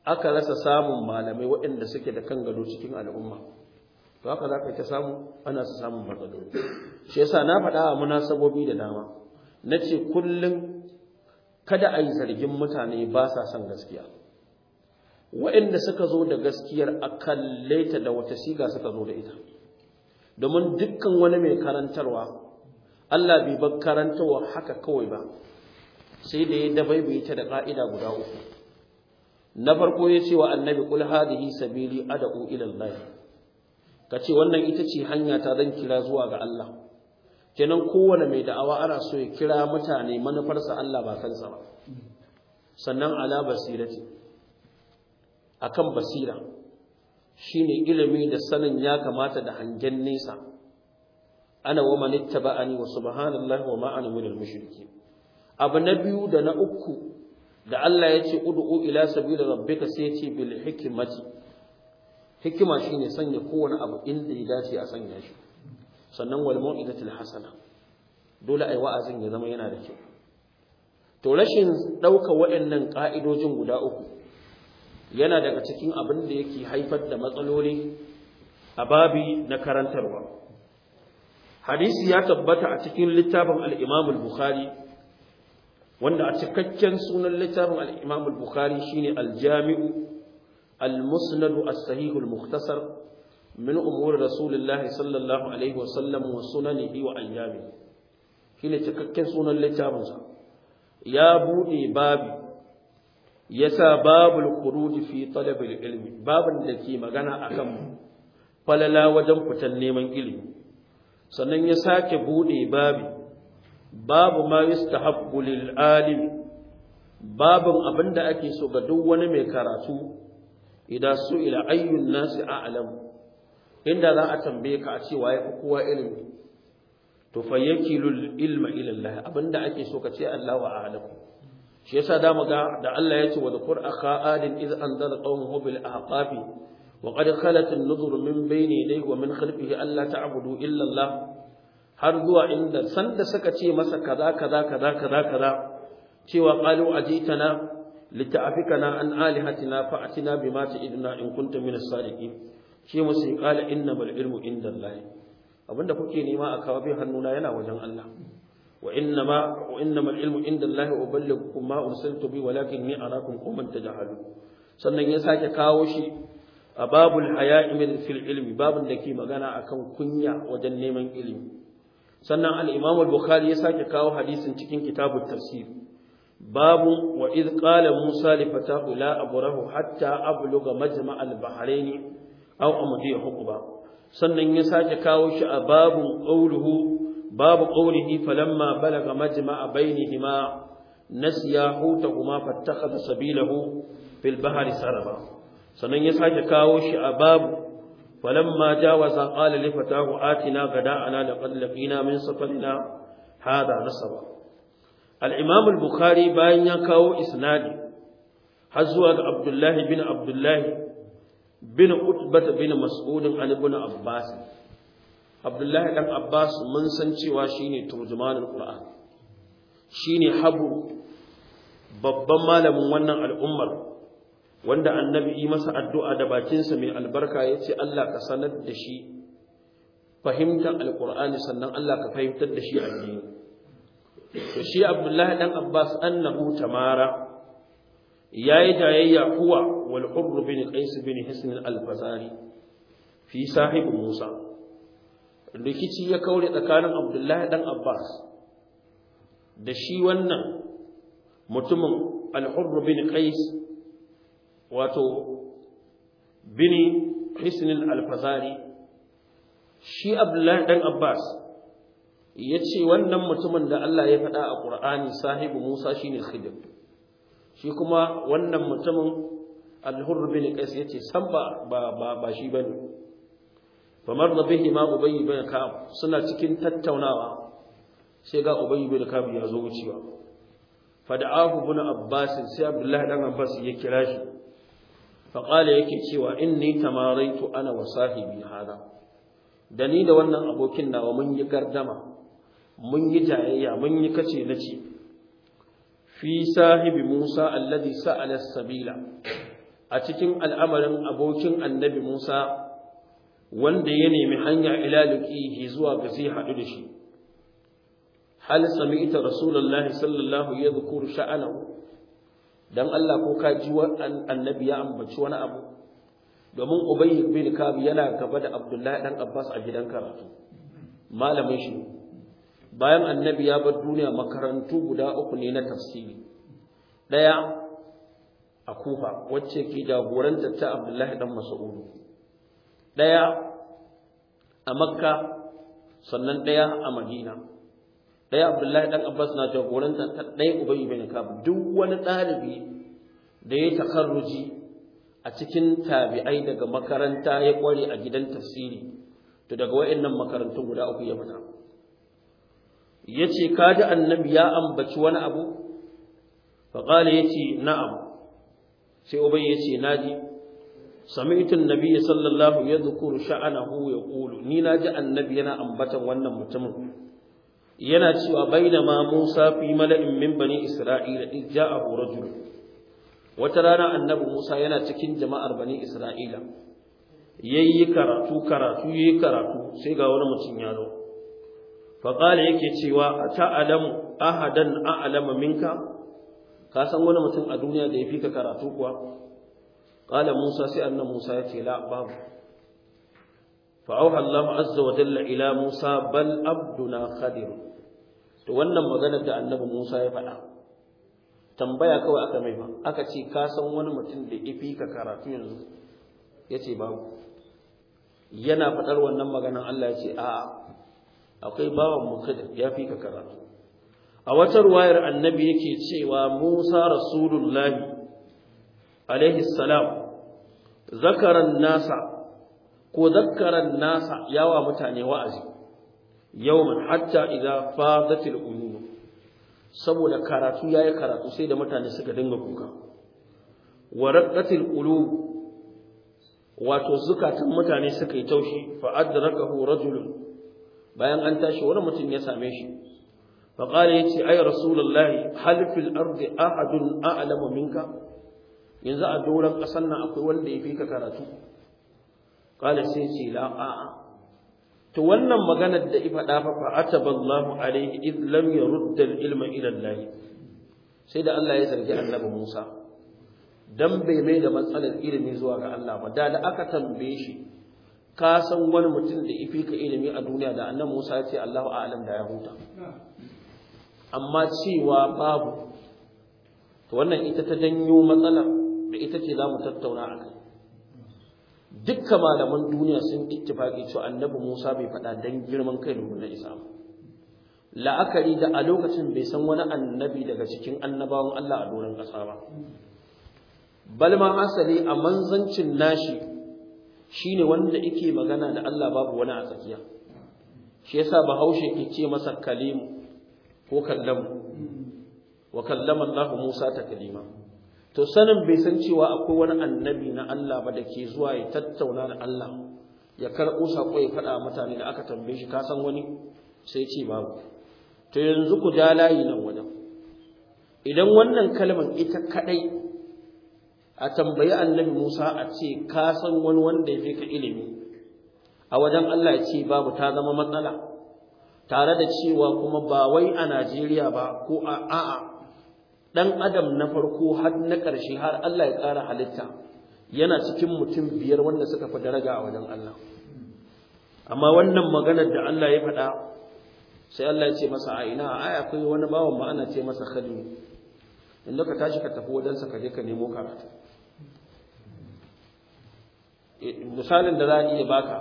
aka rasa samun malamai waɗanda suke da kan gado cikin al'umma to haka za ka ta samu ana su samun matsaloli shi yasa na faɗa wa munasabobi da dama na ce kullum kada a yi zargin mutane ba sa son gaskiya waɗanda suka zo da gaskiyar a kalle ta da wata siga suka zo da ita domin dukkan wani mai karantarwa Allah bai bar karantarwa haka kawai ba sai da ya bai ta da ka'ida guda uku na farko ya ce wa annabi kul hadihi sabili ad'u ila Allah kace wannan ita ce hanya ta zan kira zuwa ga Allah kenan kowane mai da'awa ana so ya kira mutane manufarsa Allah ba kansa ba sannan ala basirati akan basira ne ilimi da sanin ya kamata da hangen nesa ana wa man ittaba'ani wa subhanallahi wa ma ana minal abu na biyu da na uku da Allah ya ce ud'u ila sabili rabbika sai ya ce bil hikmati hikima shine sanya kowane abu inda ya dace a sanya shi sannan wal mau'izatil hasana dole ai wa'azin ya zama yana da kyau to rashin ɗauka waɗannan ƙa'idojin guda uku yana daga cikin abin da yake haifar da matsaloli a babi na karantarwa hadisi ya tabbata a cikin littafin al al-Bukhari wanda a cikakken sunan littafin al al-Bukhari shine aljami'u, al musnadu as-Sahih al min umur Rasulullah sallallahu alaihi wa sallam wa sunanihi wa ayyami shine cikakken sunan littafinsa. ya bude babi yasa babul khuruj fi talab ilmi babin da ke magana akan falala wajen fitan neman ilimi sannan ya sake bude babi babu ma yastahabbu lil alim babun abinda ake so ga duk wani mai karatu idan su ila ayyun nasi a'lam inda za a tambaye ka a ce waye fi kowa ilimi to fa yakilul ilma ila Allah abinda ake so ka ce Allahu a'lamu shi yasa da mu ga da Allah ya ce wa dhkur akha adin iz anzara qawmuhu bil ahqafi wa qad khalat an-nuzur min bayni dai, wa min khalfihi alla ta'budu illa Allah har zuwa inda sanda suka ce masa kaza kaza kaza kaza kaza cewa qalu ajitana لتعفكنا عن آلهتنا فأتنا بما تعدنا إن كنت من الصادقين shi musu qala innamal ilmu inda Allah abinda kuke nema a kawo bi hannuna yana wajen Allah وإنما وإنما العلم عند الله أبلغكم ما أرسلت به ولكني أراكم قوما تجهلون sannan ya sake kawo shi a babul haya min fil ilmi babun da ke magana akan kunya wajen neman ilimi sannan al al-Bukhari ya sake kawo hadisin cikin kitabut tafsir babu wa idh qala Musa li fatahu la abrahu hatta abluga majma' al-bahrain aw amdi hukuba sannan ya sake kawo shi a babu qawluhu Babu باب قوله فلما بلغ مجمع بينهما نسيا حوتهما فاتخذ سبيله في البحر سربا Sannan ya sake kawo shi a babu falamma jawaza qala li fatahu atina gada ana laqad laqina min safarina hada nasaba al imam bukhari bayan ya kawo isnadi har zuwa ga abdullahi bin abdullahi bin utbah bin mas'ud an ibn abbas abdullahi ɗan abbas mun san cewa shine turjumanul shi shine habu babban malamin wannan al'ummar wanda annabi yi masa addu'a da bakinsa mai albarka ya ce Allah ka sanar da shi fahimtar alƙur'ani sannan Allah ka fahimtar da shi addini to shi abdullahi ɗan abbas annahu tamara yayi jayayya kuwa wal hurr bin qais bin hisn fi sahib musa rikici ya kaure tsakanin abdullahi dan abbas da shi wannan mutumin al bin qais wato bini hisnin alfazari shi abdullahi dan abbas ya ce wannan mutumin da allah ya faɗa a ƙur'ani sahibu musa shine khidir shi kuma wannan mutumin alhur bin qais ya ce san ba shi ba ne. bane famar da bihi ma ubayy bin ka'ab suna cikin tattaunawa sai ga ubayy bin ka'ab ya zo wucewa fada'ahu bin abbas sai abdullahi dan abbas ya kira shi fa qala yake cewa inni tamaraitu ana wa sahibi hada da ni da wannan abokin nawa mun yi gardama mun yi jayayya, mun yi kace na ci. fi sahibi musa alladhi sa'ala sabila a cikin al'amarin abokin annabi musa wanda ya nemi hanya ila liqihi zuwa ga zai hadu da shi hal sami'ta rasulullahi sallallahu ya zukuru sha'ana dan Allah ko ka ji annabi ya ambaci wani abu domin ubay bin kab yana gaba da abdullahi dan abbas a gidan karatu malamin shi bayan annabi ya bar duniya makarantu guda uku ne na tafsiri Ɗaya a kufa wacce ke jagoranta ta abdullahi dan mas'ud ɗaya a makka sannan ɗaya a madina ɗaya abdullahi ɗan abbas na jagoranta ta ɗaya ubai ibn kab duk wani ɗalibi da ya takarruji a cikin tabi'ai daga makaranta ya ƙware a gidan tafsiri to daga wa'annan makarantun guda uku ya fita yace kaji annabi ya ambaci wani abu fa qala yace na'am sai ce yace naji sami'tun nabiyyi sallallahu yadhkuru sha'anahu yaqulu ni ji annabi yana ambatan wannan mutumin yana cewa ma Musa fi mala'in min bani Isra'ila ijja'ahu rajul wata rana annabi Musa yana cikin jama'ar bani Isra'ila yayi karatu karatu yayi karatu sai ga wani mutum ya zo fa qala yake cewa ta'alamu ahadan a'lama minka ka san wani mutum a duniya da yafi ka karatu kuwa ƙala musa sai annan musa ya ce la babu fa'auha Allah azza wa jalla ila musa bal abduna khadir to wannan maganar da annabi musa ya faɗa tambaya kawai aka mai ba aka ce ka san wani mutum da ifi ka karatu yanzu yana faɗar wannan maganan Allah ya fi ka karatu a wata ruwayar annabi yake cewa Musa rasulullahi alaihi salam zakaran nasa ko zakaran nasa yawa mutane wa'azi yawman hatta idza fadatil uyun saboda karatu yayi karatu sai da mutane suka dinga kuka waraqatil qulub wato zukatan mutane suka yi taushi fa adrakahu rajulun bayan an tashi wani mutum ya same shi fa qala yace ay rasulullahi hal fil ardi ahadun a'lamu minka yanzu a doron ƙasar nan akwai wanda ya fi ka karatu ƙala sai ce la a'a to wannan maganar da ifa da fa ataba Allahu alaihi id lam yurda ilma ila Allah sai da Allah ya zargi annabi Musa dan bai mai da matsalar ilimi zuwa ga Allah ba da da aka tambaye shi ka san wani mutum da ifi ka ilimi a duniya da annabi Musa ya ce Allahu a'lam da ya huta amma cewa babu to wannan ita ta janyo matsalar da ita ce za mu tattauna a kai Dukka malaman duniya sun ittifaki cewa annabi Musa bai faɗa dan girman kai da isa la'akari da a lokacin bai san wani annabi daga cikin annabawan Allah a doron ƙasa ba balma asali a manzancin nashi shine wanda yake magana da Allah babu wani a tsakiya shi yasa bahaushe ke ce masa kalimu ko kallamu wa kallama Allah Musa ta Kalima? to sanin bai san cewa akwai wani annabi na Allah ba da ke zuwa ya tattauna da Allah ya karɓo saƙo ya faɗa mutane da aka tambaye shi ka san wani sai ce babu to yanzu ku ja layi nan wajen idan wannan kalmar ita kaɗai a tambayi annabi Musa a ce ka san wani wanda ya fi ka ilimi a wajen Allah ya ce babu ta zama matsala tare da cewa kuma ba wai a Najeriya ba ko a a'a dan adam na farko har na ƙarshe har Allah ya ƙara halitta yana cikin mutum biyar wanda suka fi daraja a wajen Allah amma wannan maganar da Allah ya faɗa sai Allah ya ce masa a ina ai akwai wani bawan ma ana ce masa khadimi in ka tashi ka tafi wajensa ka je ka nemo karatu eh, misalin da za a iya baka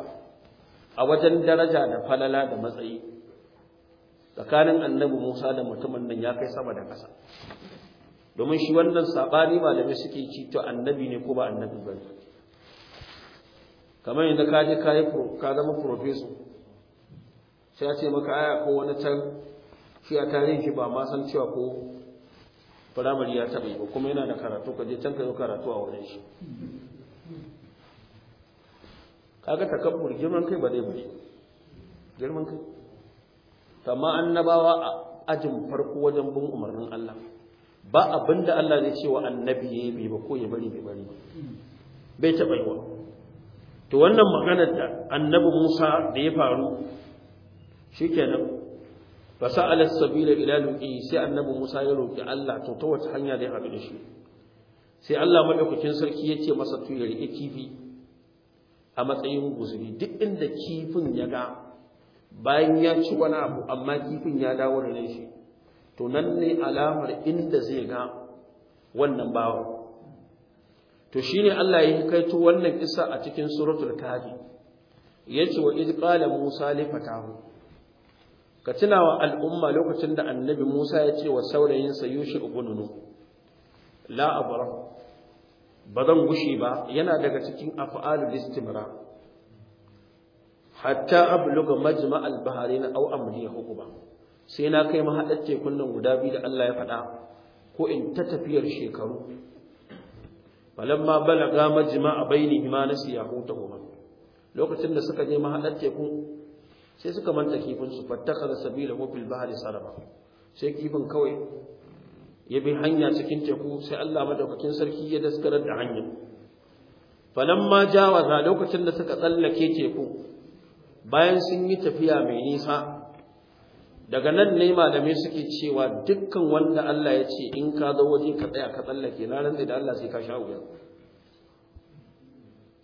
a wajen daraja da falala da matsayi tsakanin annabi Musa da mutumin nan ya kai sama da ƙasa domin shi wannan sabani malami suke ci to annabi ne ko ba annabi ba kamar yadda ka je ka yi ka zama professor sai a ce maka aya ko wani can shi a tarihin shi ba ma san cewa ko firamare ya taɓa yi ba kuma yana da karatu ka je can ka yi karatu a wurin shi kaga takabbur girman kai ba dai ba girman kai amma annabawa a ajin farko wajen bin umarnin Allah ba abinda Allah zai ce wa annabi ya bai ba ko ya bari bai bari bai taɓa yi wa to wannan maganar da annabi Musa da ya faru shikenan fa sa'ala sabila ila luqi sai annabi Musa ya roki Allah to ta wata hanya da ya haɗu da shi sai Allah madaukakin sarki ya ce masa to ya rike kifi a matsayin guzuri duk inda kifin ya ga bayan ya ci wani abu amma kifin ya dawo da shi to nan ne alamar inda zai ga wannan bawa to shine Allah ya kaito wannan kisa a cikin suratul kahfi yace wa id qala musa li fatahu ka tuna wa al'umma lokacin da annabi musa ya ce wa saurayinsa yushi ubununu la abrahu ba zan ba yana daga cikin af'alul istimra hatta abluga majma'al baharin aw amliya hukuma sai na kai mahaɗar tekun nan guda biyu da Allah ya faɗa ko in ta tafiyar shekaru falamma balaga majma a baini ma na siyahu ta goma lokacin da suka je mahaɗar tekun sai suka manta kifin su fattaka da sabila mafil bahari saraba sai kifin kawai ya bi hanya cikin teku sai Allah madaukakin sarki ya daskarar da hanyar falamma jawaza lokacin da suka tsallake teku bayan sun yi tafiya mai nisa daga nan ne malamai suke cewa dukkan wanda Allah ya ce in ka zo waje ka tsaya ka tsallake na ran da Allah sai ka sha wuya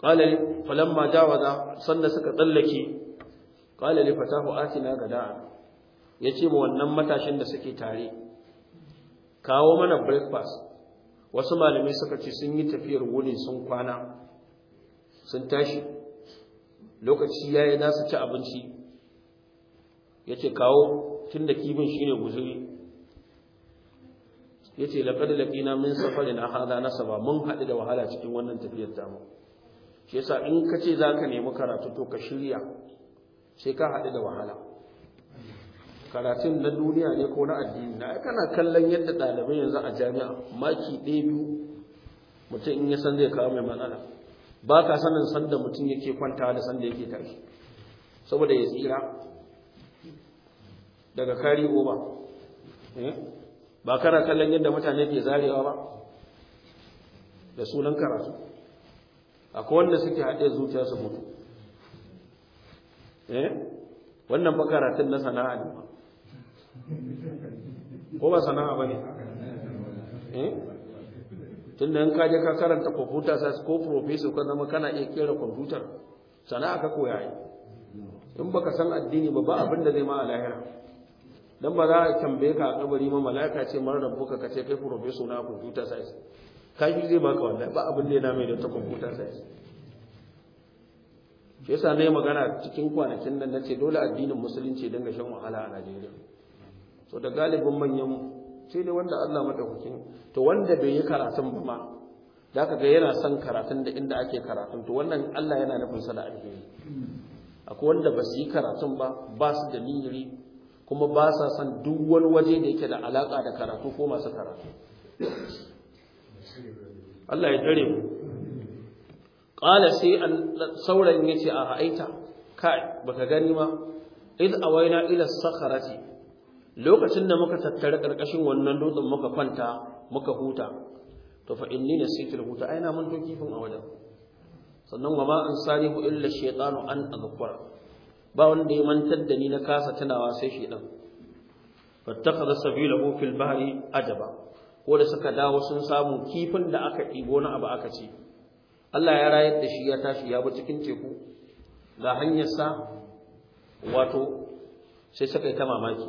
qala li falamma jawaza sanda suka tsallake qala li fatahu atina gada yace mu wannan matashin da suke tare kawo mana breakfast wasu malamai suka ce sun yi tafiyar wuni sun kwana sun tashi lokaci ya yi su ci abinci yace kawo tun da kibin shi ne guzuri ya ce da laƙina min safari na hada nasaba mun haɗu da wahala cikin wannan tafiyar tamu shi yasa in ka ce za ka nemi karatu to ka shirya sai ka haɗu da wahala karatun na duniya ne ko na addini na kana kallon yadda ɗalibai yanzu a jami'a maki ɗaya biyu mutum in ya san zai kawo mai matsala ba ka sanin sanda mutum yake kwanta da sanda yake tashi saboda ya tsira daga kari over hmm? ba kana kallon yadda mutane ke zarewa ba da sunan karatu akwai wanda suke haɗe zuciya su mutu eh? wannan ba karatun na sana'a ne ba ko ba sana'a ba ne eh? tunda in kaje ka karanta kwamfuta sai ko professor ka zama kana iya kera kwamfutar sana'a ka koya yi. in baka san addini ba ba abin da zai ma a lahira don ba za a tambaye ka a kabari ma mala'ika ce da rabbuka ka ce kai professor na computer science yi zai baka wallahi ba abin da ya mai da ta computer science ke yasa na yi magana cikin kwanakin nan na ce dole addinin musulunci dinga shan wahala a najeriya to da galibin manyan sai dai wanda allah madaukakin to wanda bai yi karatun ba ma da ka ga yana son karatun da inda ake karatun to wannan allah yana nufin sa da alheri akwai wanda ba su yi karatun ba ba su da niyiri kuma ba sa son duk wani waje da yake da alaka da karatu ko masu karatu Allah ya dare mu Ƙala sai sauran yace a ra'aita kai ka gani ma id waina ila sakharati lokacin da muka tattara karkashin wannan dutsen muka kwanta muka huta to fa inni nasitu huta aina mun to kifin a wajen sannan wa ma ansanihu illa shaytanu an azkura ba wanda ya mantar da ni na kasa tunawa sai shi dan fattakhadha sabilahu fil bahri ajaba ko da suka dawo sun samu kifin da aka ɗibo na abu aka ci Allah ya rayar da shi ya tashi ya bi cikin teku ga hanyar sa wato sai suka yi ta mamaki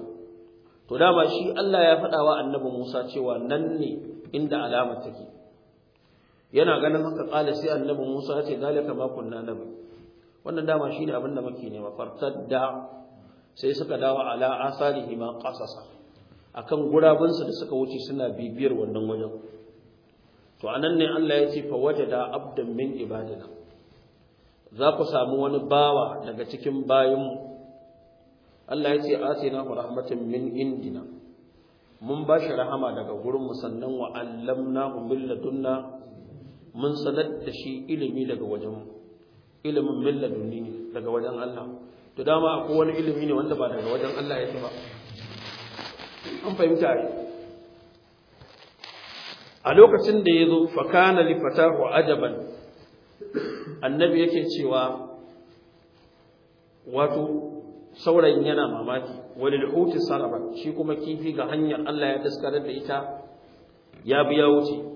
to dama shi Allah ya faɗa wa annabi Musa cewa nan ne inda alamar take yana ganin haka kala sai annabi Musa ya ce zalika ma kunna nabi wannan dama shi ne abinda muke nema da sai suka dawo ala asarihi ma qasasa akan gurabinsu da suka wuce suna bibiyar wannan wajen to anan ne Allah ya ce fa wajada abdan min ibadina za ku samu wani bawa daga cikin bayinmu Allah ya ce atina rahmatan min indina mun ba shi rahama daga gurinmu sannan wa allamnahu min ladunna mun sanar da shi ilimi daga wajenmu ilimin milladunni ne daga wajen Allah to dama akwai wani ilimi ne wanda ba daga wajen Allah yake ba an fahimta ai a lokacin da ya zo fakana li fatahu ajaban annabi yake cewa wato saurayin yana mamaki walil huti saraba shi kuma kifi ga hanyar Allah ya daskarar da ita ya biya wuce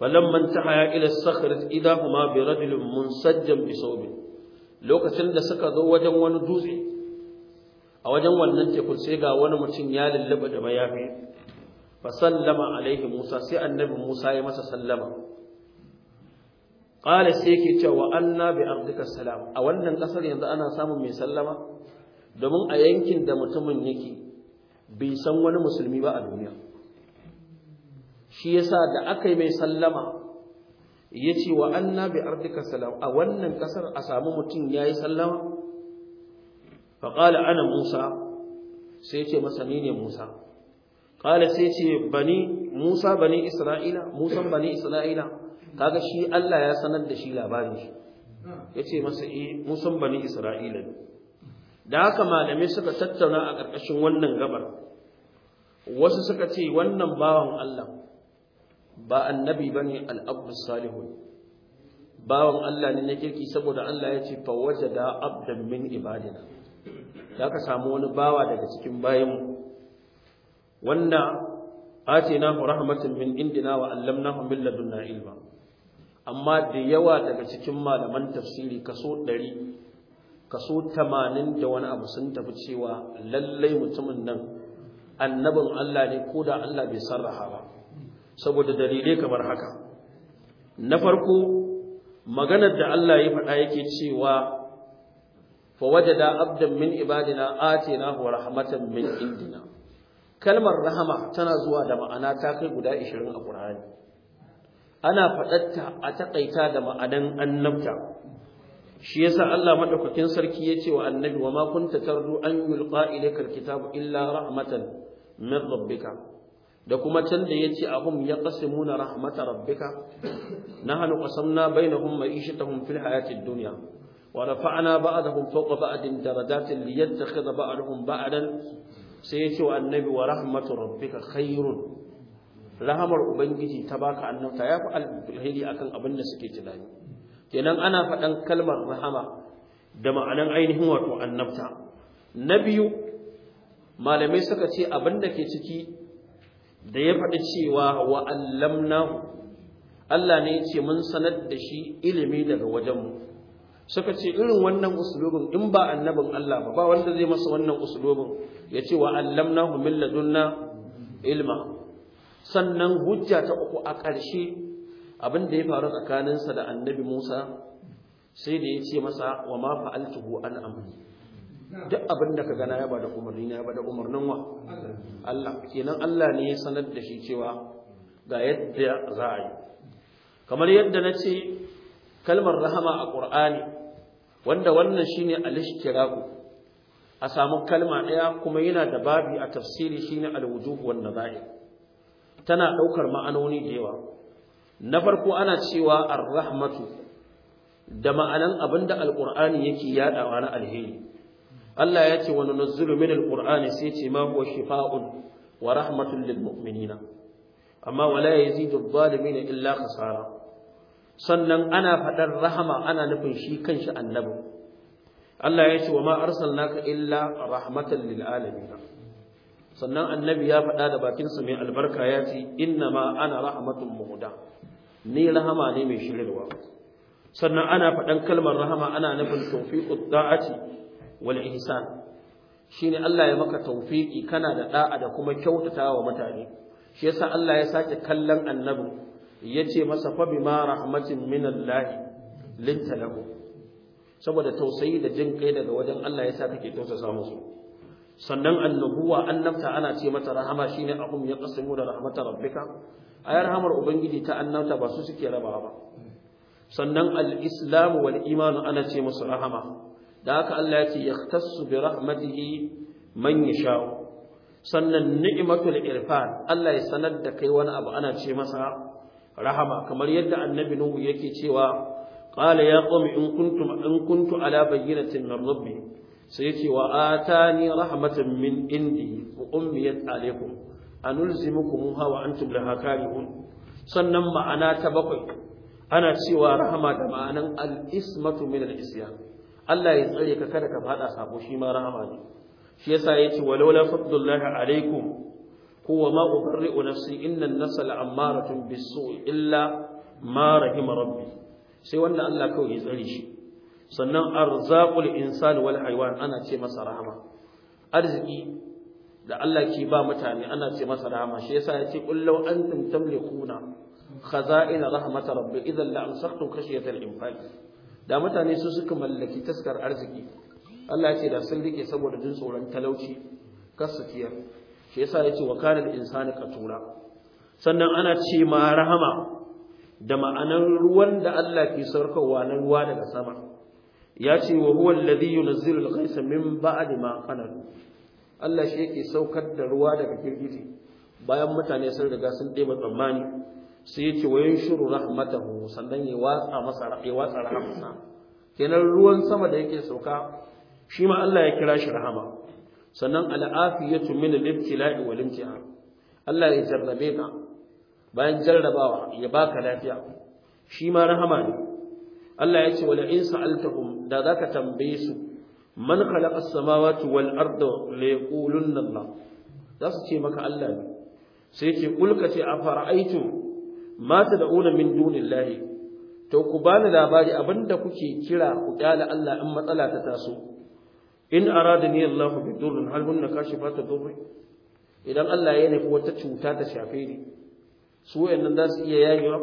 falamma intaha ila as-sakhrat idahuma bi rajulin munsajjan bi lokacin da suka zo wajen wani dutse a wajen wannan teku sai ga wani mutum ya lullube da mayafi fa sallama alaihi Musa sai annabi Musa ya masa sallama qala sai yake cewa anna bi abdika salam a wannan kasar yanzu ana samun mai sallama domin a yankin da mutumin yake bai san wani musulmi ba a duniya shi yasa da aka yi mai sallama ya ce wa anna bi ardika salam a wannan kasar a samu mutum ya yi sallama faƙala ana musa sai ce masa ni ne musa ƙala sai ce bani musa bani isra'ila Musa bani isra'ila kaga shi allah ya sanar da shi labarin shi ya ce masa eh Musa bani isra'ila da haka malamai suka tattauna a ƙarƙashin wannan gabar wasu suka ce wannan bawan allah ba annabi bane al-abdu salihun bawan Allah ne na kirki saboda Allah ya ce fa wajada abdan min ibadina da ka samu wani bawa daga cikin bayanmu wanda atinahu rahmatan min indina wa allamnahu min ladunna ilma amma da yawa daga cikin malaman tafsiri kaso 100 kaso 80 da wani abu sun tafi cewa lallai mutumin nan annabin Allah ne ko da Allah bai sarraha ba saboda dalilai kamar haka na farko maganar da Allah ya faɗa yake cewa fa wajada abdan min ibadina atinahu rahmatan min indina kalmar rahama tana zuwa da ma'ana ta kai guda 20 a Qur'ani ana faɗatta a takaita da ma'anan annabta shi yasa Allah madaukakin sarki ya ce wa annabi wa ma kunta tardu an yulqa ilayka alkitabu illa rahmatan min rabbika da kuma can da ya ahum Muna rahmata rabbika nahnu qasamna bainahum ma'ishatahum fil hayatid dunya wa rafa'na ba'dahum fawqa ba'din darajatin liyattakhidha ba'dahum ba'dan sai ce wa annabi wa rahmatu rabbika khairun rahamar ubangiji ta baka annabta yafi alheri akan abin da suke tunani kenan ana faɗan kalmar rahama da ma'anan ainihin wato annabta na biyu malamai suka ce abin da ke ciki da ya faɗi cewa wa allamnahu Allah ne ya ce mun sanar da shi ilimi daga wajenmu suka ce irin wannan usulubin in ba annabin Allah ba ba wanda zai masa wannan usulubin ya ce wa allamnahu min ladunna ilma sannan hujja ta uku a ƙarshe abin da ya faru tsakaninsa da annabi Musa sai da ya ce masa wa ma fa'altuhu an amri duk abin da ka gana ya ba da umarni ya ba umarnin wa Allah kenan Allah ne ya sanar da shi cewa ga yadda za a yi kamar yadda na ce kalmar rahama a ƙur'ani wanda wannan shine al a samu kalma ɗaya kuma yana da babi a tafsiri shine al wan tana ɗaukar ma'anoni da yawa na farko ana cewa ar-rahmatu da ma'anan abinda al-qur'ani yake yadawa na alheri Allah ya ce wani nazzilu min alqur'ani sai ce ma huwa shifa'un wa rahmatun lil mu'minina amma wala yazidu adh na illa khasara sannan ana fadar rahama ana nufin shi kanshi annabi Allah ya ce wa ma arsalnaka illa rahmatan lil alamin sannan annabi ya faɗa da bakinsa mai albarka ya ce inna ma ana rahmatun muhuda ni rahama ne mai shirirwa sannan ana faɗan kalmar rahama ana nufin tawfiqud da'ati wal ihsan shine Allah ya maka tawfiki kana da da'a da kuma kyautata wa mutane shi yasa Allah ya sake kallon annabi yace masa fa bima rahmatin min Allah linta saboda tausayi da jin kai daga wajen Allah yasa kake tausasa musu sannan annabuwa annabta ana ce mata rahama shine ahum yaqsimu da rahmatar rabbika ayar rahamar ubangiji ta annabta ba su suke rabawa ba sannan al-islam wal iman ana ce masu rahama da haka Allah ya ce yahtassu bi rahmatihi man yasha sannan ni'matul irfan Allah ya sanar da kai wani abu ana ce masa rahama kamar yadda annabi nuhu yake cewa qala ya qawmi in kuntum in kuntu ala bayyinatin min rabbi sai yace wa atani rahmatan min indi wa ummiyat alaykum anulzimukumuha wa antum laha karihun sannan ma'ana ta bakwai ana cewa rahama da ma'anan al-ismatu min al-isyan Allah ya tsare ka kada ka fada sabo shi ma rahama ne shi yasa yace walaula fadlullahi alaikum huwa ma uqarri'u nafsi inna an-nafsa la'ammaratun bis-su'i illa ma rahima rabbi sai wanda Allah kawai ya tsare shi sannan arzaqul insani wal haywan ana ce masa rahama arziki da Allah ke ba mutane ana ce masa rahama shi yasa yace qul law antum tamlikuna khaza'ina rahmatar rabbi idan la amsaktum khashyata al-infaq da mutane su suka mallaki taskar arziki Allah ya ce da sun rike saboda jin tsoron talauci kar su tiyar shi yasa ya ce wa kana insani katura sannan ana ce ma rahama da ma'anar ruwan da Allah ke sarkawa na ruwa daga sama ya ce wa huwa alladhi yunzilu al-ghaytha min ba'di ma qanadu Allah shi yake saukar da ruwa daga girgiji bayan mutane sun riga sun ɗeba tsammani sai yake wayan shuru rahmatahu sannan ya watsa masa ya watsa rahamarsa kenan ruwan sama da yake sauka shi ma Allah ya kira shi rahama sannan al'afiyatu min al-ibtila'i wal imtihan Allah ya jarrabe ka bayan jarrabawa ya baka lafiya shi ma rahama ne Allah ya ce wala in sa'altahum da zaka tambaye su man khalaqa as-samawati wal arda la yaqulunna Allah za su ce maka Allah ne sai ce kulka ce afara'aytum ma tad'una min dunillahi to ku bani labari abinda kuke kira ku kyala Allah in matsala ta taso in aradani Allah bi durrin hal hunna kashifata durri idan Allah ya nufi wata cuta ta shafe ni su wayannan za su iya yayewa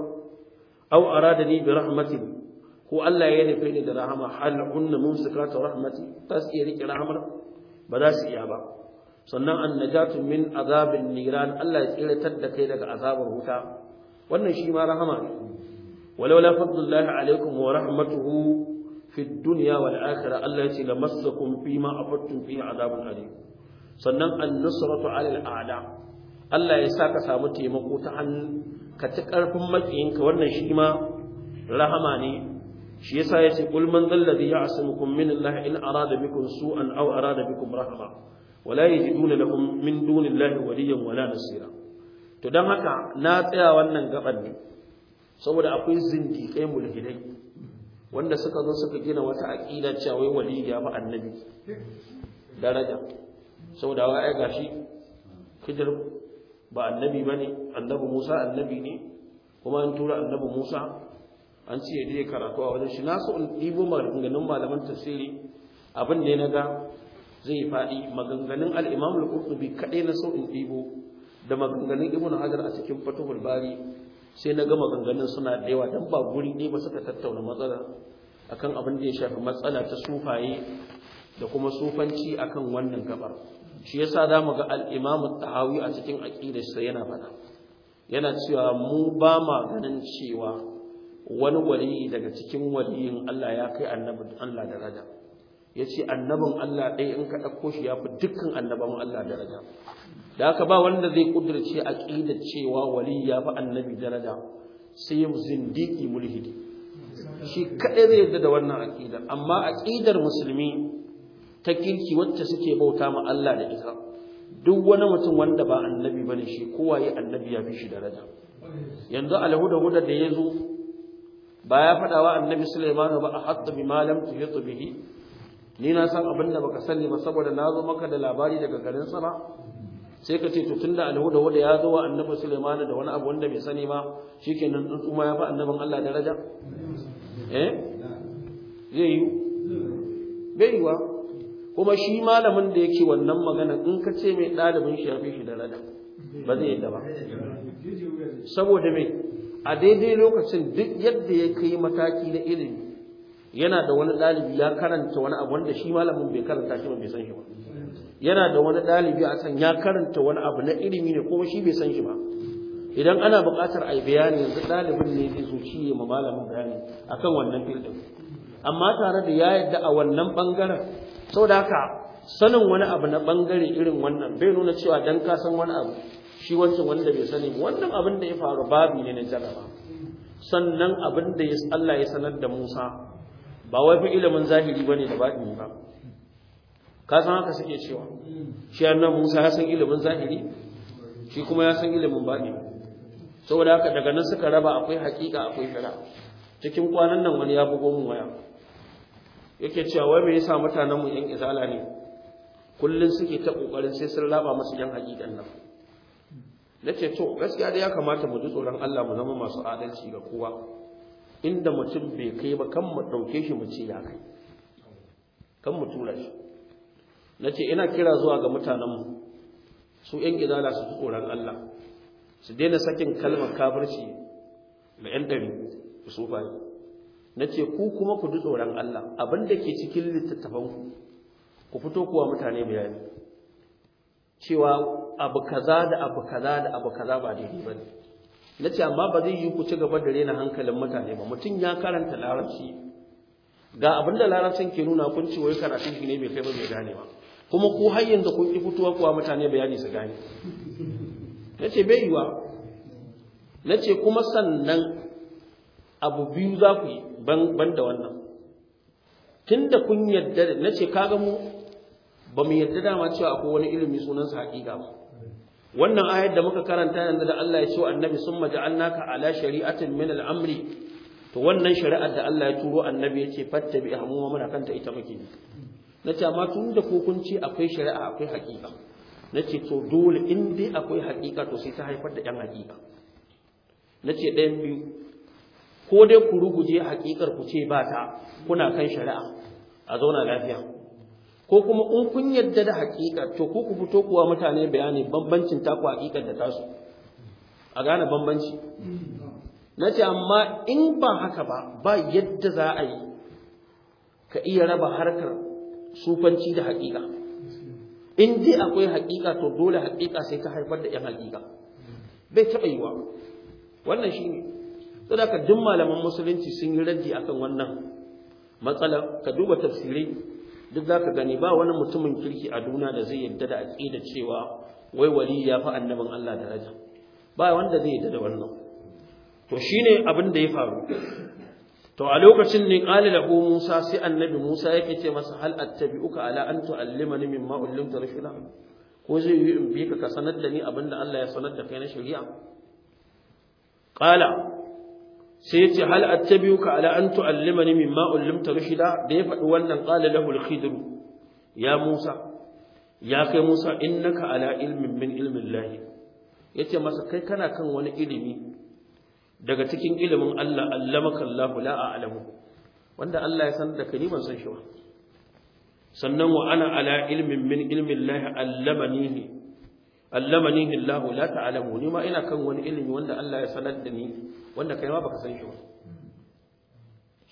aw aradani bi rahmatin ko Allah ya nufi ni da rahama hal hunna mumsikatu rahmati za su iya rike rahamar ba za su iya ba sannan annajatu min azabin niran Allah ya tsiratar da kai daga azabar wuta wannan shi ma rahama ne walaula fadlullahi alaikum wa rahmatuhu fi dunya wal akhirah Allah yace lamassakum fi ma afattum fihi adabun alim sannan an-nusratu alal a'da Allah ya saka samu taimako ta hannu ka ci karfin makiyinka wannan shi ma rahama ne shi yasa yace kul man alladhi ya'simukum min Allah in arada bikum su'an aw arada bikum rahma wala yajiduna lahum min dunillahi waliyyan wala nasira to don haka na tsaya wannan gaban ne saboda akwai zindiƙai mulhidai wanda suka zo suka gina wata aƙida cewa wai wali ya ba annabi daraja saboda wa ai gashi kidir ba annabi bane annabi Musa annabi ne kuma an tura annabi Musa an ce ya karatu a wajen shi na so in ɗibo maganganun malaman tafsiri abin da ya naga zai faɗi maganganun al'imamul ƙurtubi kaɗai na so in ɗibo da maganganun ibn hajar a cikin fatuhul bari sai na ga maganganun suna da yawa dan ba guri ne ba suka tattauna matsala akan abin da ya shafi matsala ta sufaye da kuma sufanci akan wannan gabar shi yasa da mu ga al-imam tahawi a cikin sa yana faɗa yana cewa mu ba ma ganin cewa wani wali daga cikin waliyin Allah ya kai annabi Allah daraja yace annabin Allah ɗaya in ka ɗauko shi ya fi dukkan annaban Allah daraja da haka ba wanda zai kudirce aqidar cewa wali ya fi annabi daraja sai zindiki mulhidi shi kaɗai zai yarda da wannan aqidar amma aqidar musulmi ta kirki wacce suke bauta ma Allah da ita duk wani mutum wanda ba annabi bane shi kowa ya annabi ya fi shi daraja yanzu alhuda huda da ya zo ba ya wa annabi Sulaiman ba a hatta bi malam tuhit bihi ni na san abin da baka sani ba saboda na zo maka da labari daga garin ba sai ka ce to tunda alhuda wanda ya zo wa annabi Sulaiman da wani abu wanda bai sani ma shikenan dan tsuma ya fa annaban Allah daraja eh zai yi bai yi wa kuma shi malamin da yake wannan magana in ka ce mai ɗalibin shi ya fi shi daraja ba zai yadda ba saboda mai a daidai lokacin duk yadda ya kai mataki na ilimi yana da wani ɗalibi ya karanta wani abu wanda shi malamin bai karanta shi ba bai san shi ba yana da wani ɗalibi a can ya karanta wani abu na ilimi ne kuma shi bai san shi ba idan ana buƙatar a yi bayani yanzu ɗalibin ne zai zo shi ma malamin bayani akan wannan filin. amma tare da ya yadda a wannan ɓangaren saboda haka sanin wani abu na ɓangare irin wannan bai nuna cewa dan ka san wani abu shi wancan wanda bai sani wannan abin da ya faru babu ne na jaraba sannan abin da Allah ya sanar da Musa ba wai fi ilimin zahiri bane da baɗini ba ka san haka suke cewa shi nan Musa ya san ilimin zahiri shi kuma ya san ilimin baɗi saboda haka daga nan suka raba akwai haƙiƙa akwai shara. cikin kwanan nan wani ya bugo mu waya yake cewa wai me yasa mutanen mu yan izala ne kullum suke ta kokarin sai sun raba masu yan haƙiƙan nan nace to gaskiya da ya kamata mu ji tsoron Allah mu zama masu adalci ga kowa inda mutum bai kai ba kan mu ɗauke shi mu ce ya kai kan mu tura shi na ce ina kira zuwa ga mutanenmu su ‘yan izala su tsoron Allah su daina sakin kalmar kafirci da ‘yan ɗari su fari na ce ku kuma ku ji tsoron Allah abin da ke cikin littattafanku ku fito kuwa mutane bayani cewa abu kaza da abu kaza da abu kaza ba daidai ba ne na ce amma ba zai yi ku ci gaba da rena hankalin mutane ba mutum ya karanta larabci ga abin da larabcin ke nuna kun ce wai karatun shi ne bai kai ba bai ganewa ba kuma ku har yanzu kun ki fitowa kuwa mutane bayani su gane ce bai yiwa Na ce kuma sannan abu biyu za ku yi ban da wannan tunda kun yadda nace ka gamu, ba mu yadda dama cewa akwai wani ilimi sunansa haƙiƙa ba wannan ayar da muka karanta yanzu da Allah ya ce wa annabi summa ja'alnaka ala shari'atin min al-amri to wannan shari'ar da Allah ya turo annabi ya ce fattabi hamu muna kanta ita muke na ce amma tun da hukunci akwai shari'a akwai haƙiƙa na ce to dole in dai akwai haƙiƙa to sai ta haifar da ƴan haƙiƙa na ce ɗayan biyu ko dai ku ruguje haƙiƙar ku ce ba ta kuna kan shari'a a zauna lafiya ko kuma in kun yadda da haƙiƙa to ku ku fito kuwa mutane bayani bambancin taku haƙiƙar da tasu a gane bambanci na ce amma in ba haka ba ba yadda za a yi ka iya raba harkar sufanci da haƙiƙa in dai akwai haƙiƙa to dole haƙiƙa sai ka haifar da 'yan haƙiƙa bai taɓa yiwa wannan shi ne to duk malaman musulunci sun yi raddi akan wannan matsala ka duba tafsirai duk za ka gani ba wani mutumin kirki a duniya da zai yarda da aƙida cewa wai wali ya fi annabin Allah daraja ba wanda zai yarda da wannan to shine abin da ya faru to a lokacin ne qala lahu Musa sai annabi Musa yake ce masa hal attabi'uka ala an tu'allimani mimma ullimta rushda ko zai yi in bi ka sanar da ni da Allah ya sanar da kai na shari'a Ƙala sai ce hal attabi'uka ala an tu'allimani mimma ullimta rushda da ya faɗi wannan qala lahu al-khidr ya Musa ya kai Musa innaka ala ilmin min ilmin lahi yace masa kai kana kan wani ilimi daga cikin ilimin Allah allamaka Allahu la a'lamu wanda Allah ya san da kani ban san shi ba sannan wa ana ala ilmin min ilmin Allah allamanihi allamanihi Allah la ta'lamu ni ma ina kan wani ilimi wanda Allah ya sanar da ni wanda kai ma baka san shi ba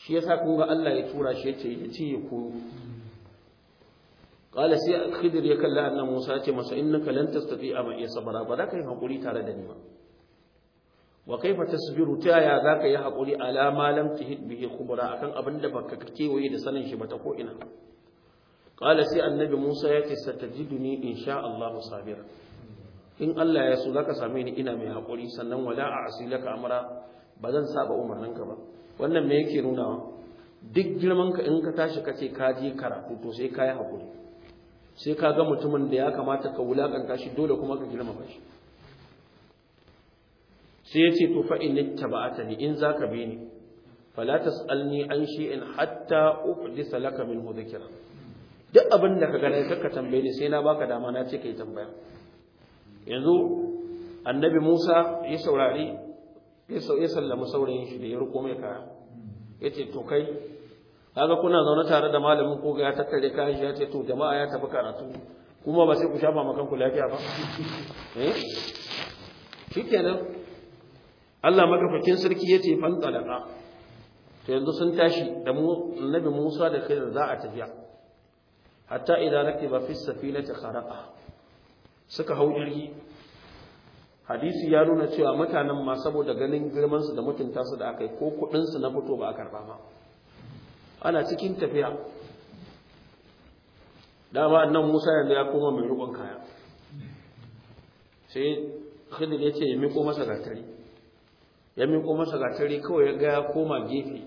shi yasa kun ga Allah ya tura shi ya ce ya ci ya koyo qala sai khidir ya kalla annabi Musa ya ce masa innaka lan tastati'a ma iya sabara za ka yi hakuri tare da ni ba wa kaifa tasbiru ta yaya zaka yi hakuri ala ma lam tuhid bihi khubra akan abin da baka kewaye da sanin shi bata ko ina qala sai annabi Musa ya ce satajiduni insha Allah sabir in Allah ya so zaka same ni ina mai hakuri sannan wala a asilaka amra ba zan saba umarninka ba wannan me yake nuna duk girman ka in ka tashi ka ce ka je karatu to sai ka yi hakuri sai ka ga mutumin da ya kamata ka wulakanta shi dole kuma ka girmama shi sai ya ce to fa in ittaba'atani in zaka bi ni fala tasalni an shay'in hatta uhdisa laka minhu dhikra duk abin da ka gane ka tambaye ni sai na baka dama na ce kai tambaya yanzu annabi Musa ya saurari ya sallama saurayin shi da ya riko mai kaya ya ce to kai kaga kuna zaune tare da malamin ko ga ya tattare kayan shi ya ce to jama'a ya tafi karatu kuma ba sai ku shafa makan ku lafiya ba eh shikenan Allah makafakin sarki ya ce talaka to yanzu sun tashi da nabi Musa da kai za a tafiya hatta idan ba fi ta kharaqa suka hau jirgi hadisi ya nuna cewa mutanen ma saboda ganin girman su da mutunta su da akai ko kudin su na fito ba a karba ma ana cikin tafiya dama annan Musa yanzu ya koma mai rubun kaya sai Khidir ya ce ya miko masa gatari ya miƙo masa gatari kawai ya ga ya koma gefe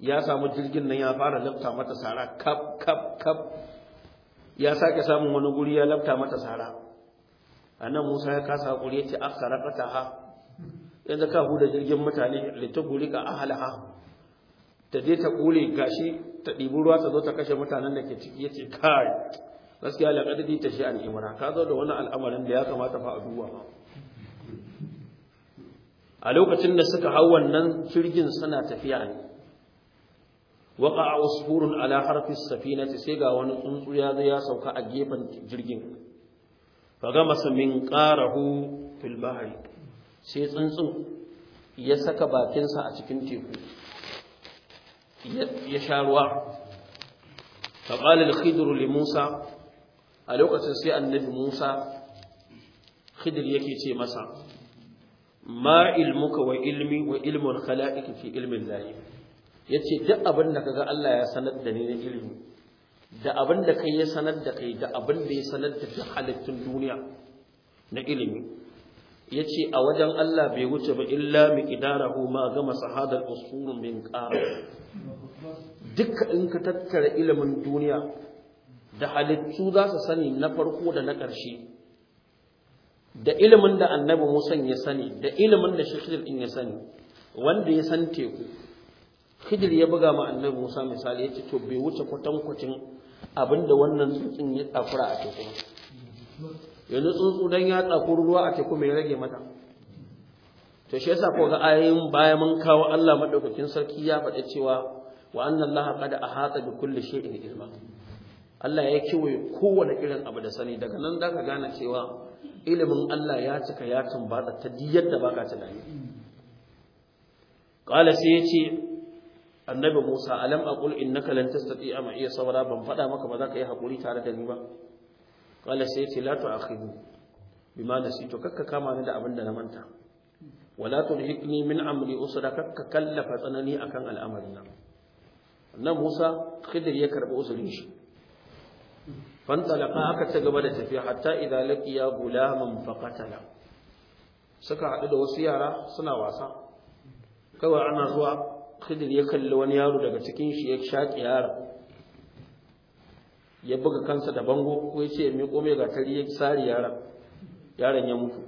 ya samu jirgin nan ya fara lafta mata sara kap kap kap ya sake samun wani guri ya lafta mata sara annan Musa ya kasa hakuri ya ce a aksarakata ha yanzu ka huda jirgin mutane litugulika ha? ta je ta kule gashi ta ɗibi ruwa ta zo ta kashe mutanen da ke ciki ya ce kai gaskiya laƙadadi ta shi al'imura ka zo da wani al'amarin da ya kamata fa a duba a lokacin da suka hau wannan jirgin suna tafiya ne waka a usfurun ala harfi safinati sai ga wani tsuntsu ya zai ya sauka a gefen jirgin faga masa min qarahu fil bahri sai tsuntsun ya saka bakinsa a cikin teku ya sha ruwa فقال الخضر musa a lokacin sai annabi Musa Khidir yake ce masa ma ilmuka wa ilmi wa ilmul khala'iq fi ilmin lahi yace duk abin da kaga Allah ya sanar da ni na ilimi da abin da kai ya sanar da kai da abin da ya sanar da duk halittun duniya na ilimi yace a wajen Allah bai wuce ba illa mi idarahu ma gama sahadar usulun min qara duk in ka tattara ilimin duniya da halittu za su sani na farko da na ƙarshe da ilimin da annabi musan ya sani da ilimin da shi din ya sani wanda ya san teku Khidir ya buga ma annabi Musa misali ya ce to bai wuce kwatan-kwatan abin da wannan tsuntsun ya tsafura a teku yanzu tsuntsu dan ya tsaku ruwa a teku mai rage mata to shi yasa ko ga ayoyin baya mun kawo Allah madaukakin sarki ya faɗi cewa wa anna Allah qad ahata bi kulli shay'in ilma Allah ya kiwaye kowane irin abu da sani daga nan zaka gane cewa ilimin Allah ya cika ya tumbata ta diyar da baka tunani Kala sai yace annabi Musa alam aqul innaka lan tastati'a ma iya sabra ban fada maka ba za ka yi hakuri tare da ni ba Kala sai yace la tu'akhidu bima nasitu kakka kama ni da abin da na manta wala tulhiqni min amri usra kakka kallafa tsanani akan al'amarina annabi Musa khidir ya karbi usulin shi fantalaka aka ta gaba da tafiya hatta idza laqiya gulaman faqatala suka haɗu da wasu yara suna wasa kawai ana zuwa khidir ya kalli wani yaro daga cikin shi ya shaƙi yara ya buga kansa da bango ko ya ce mai kome ga tari ya sari yaron, yaron ya mutu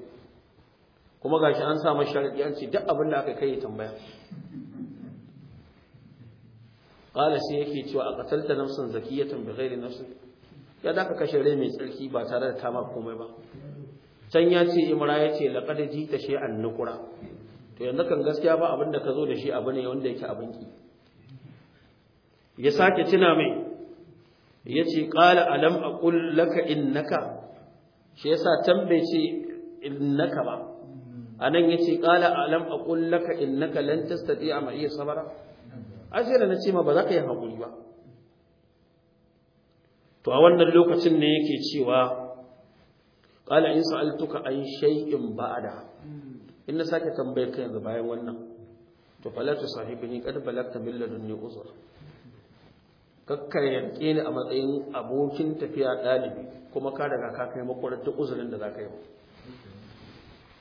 kuma gashi an sa masa an ce duk abin da aka kai ya tambaya qala sai yake cewa a qatalta nafsan zakiyatan bighairi nafsin ya da ka kashe rai mai tsarki ba tare da kama komai ba can ya ce imra ya ce laƙad ji ta shi an nukura to yanzu kan gaskiya ba abin da ka zo da shi abu ne wanda yake abin ki ya sake tuna mai ya ce ƙala alam a in naka shi yasa can bai ce in naka ba a nan ya ce ƙala alam a in naka lantasta tastati a ma'iya sabara asira na ce ma ba za ka yi haƙuri ba to a wannan lokacin ne yake cewa ƙala in sa'altuka an shay'in ba'ada, in na sake tambayar ka yanzu bayan wannan to fala sahibi sahibini qad balagta min ladunni uzur kakkar yanke ni a matsayin abokin tafiya ɗalibi kuma ka daga ka kai makwarar duk uzurin da za ka yi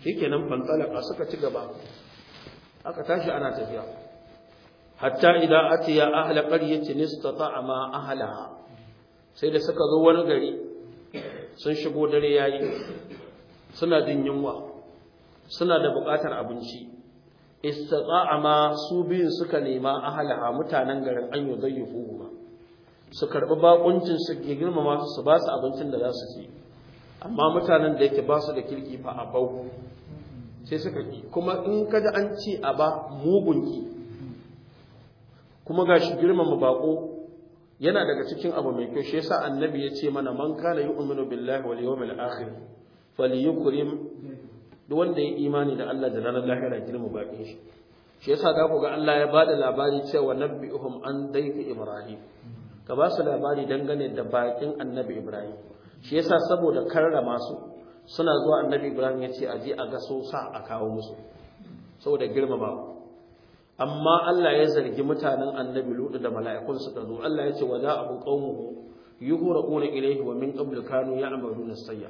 shikenan a suka ci gaba aka tashi ana tafiya hatta idan ya atiya ahla ta istata'a ama ahala. sai da suka zo wani gari sun shigo dare yayi suna jin yunwa suna da buƙatar abinci istata'a ma su biyun suka nema ahalaha mutanen garin an yi zayyufu ba su karɓi bakuncin su ke girmama su su ba su abincin da za su ci amma mutanen da yake ba su da kirki fa a bau sai suka ki kuma in kaji an ci a ba mugun ki, kuma gashi girmama baƙo. yana daga cikin abu mai kyau shi yasa annabi ya ce mana man kana yu'minu billahi wal yawmil akhir falyukrim duk wanda ya imani da Allah da ranar lahira girma bakin shi shi yasa da ku ga Allah ya bada labari cewa nabbi'uhum an dayfi ibrahim ka ba su labari dangane da bakin annabi ibrahim shi yasa saboda karrama su suna zuwa annabi ibrahim ya ce aje a ga so sa a kawo musu saboda girmama amma Allah ya zargi mutanen annabi Lut da mala'ikun su da zo Allah ya ce wa za'abu qaumuhu yuhra'una ilayhi wa min qabl kanu ya'maluna sayya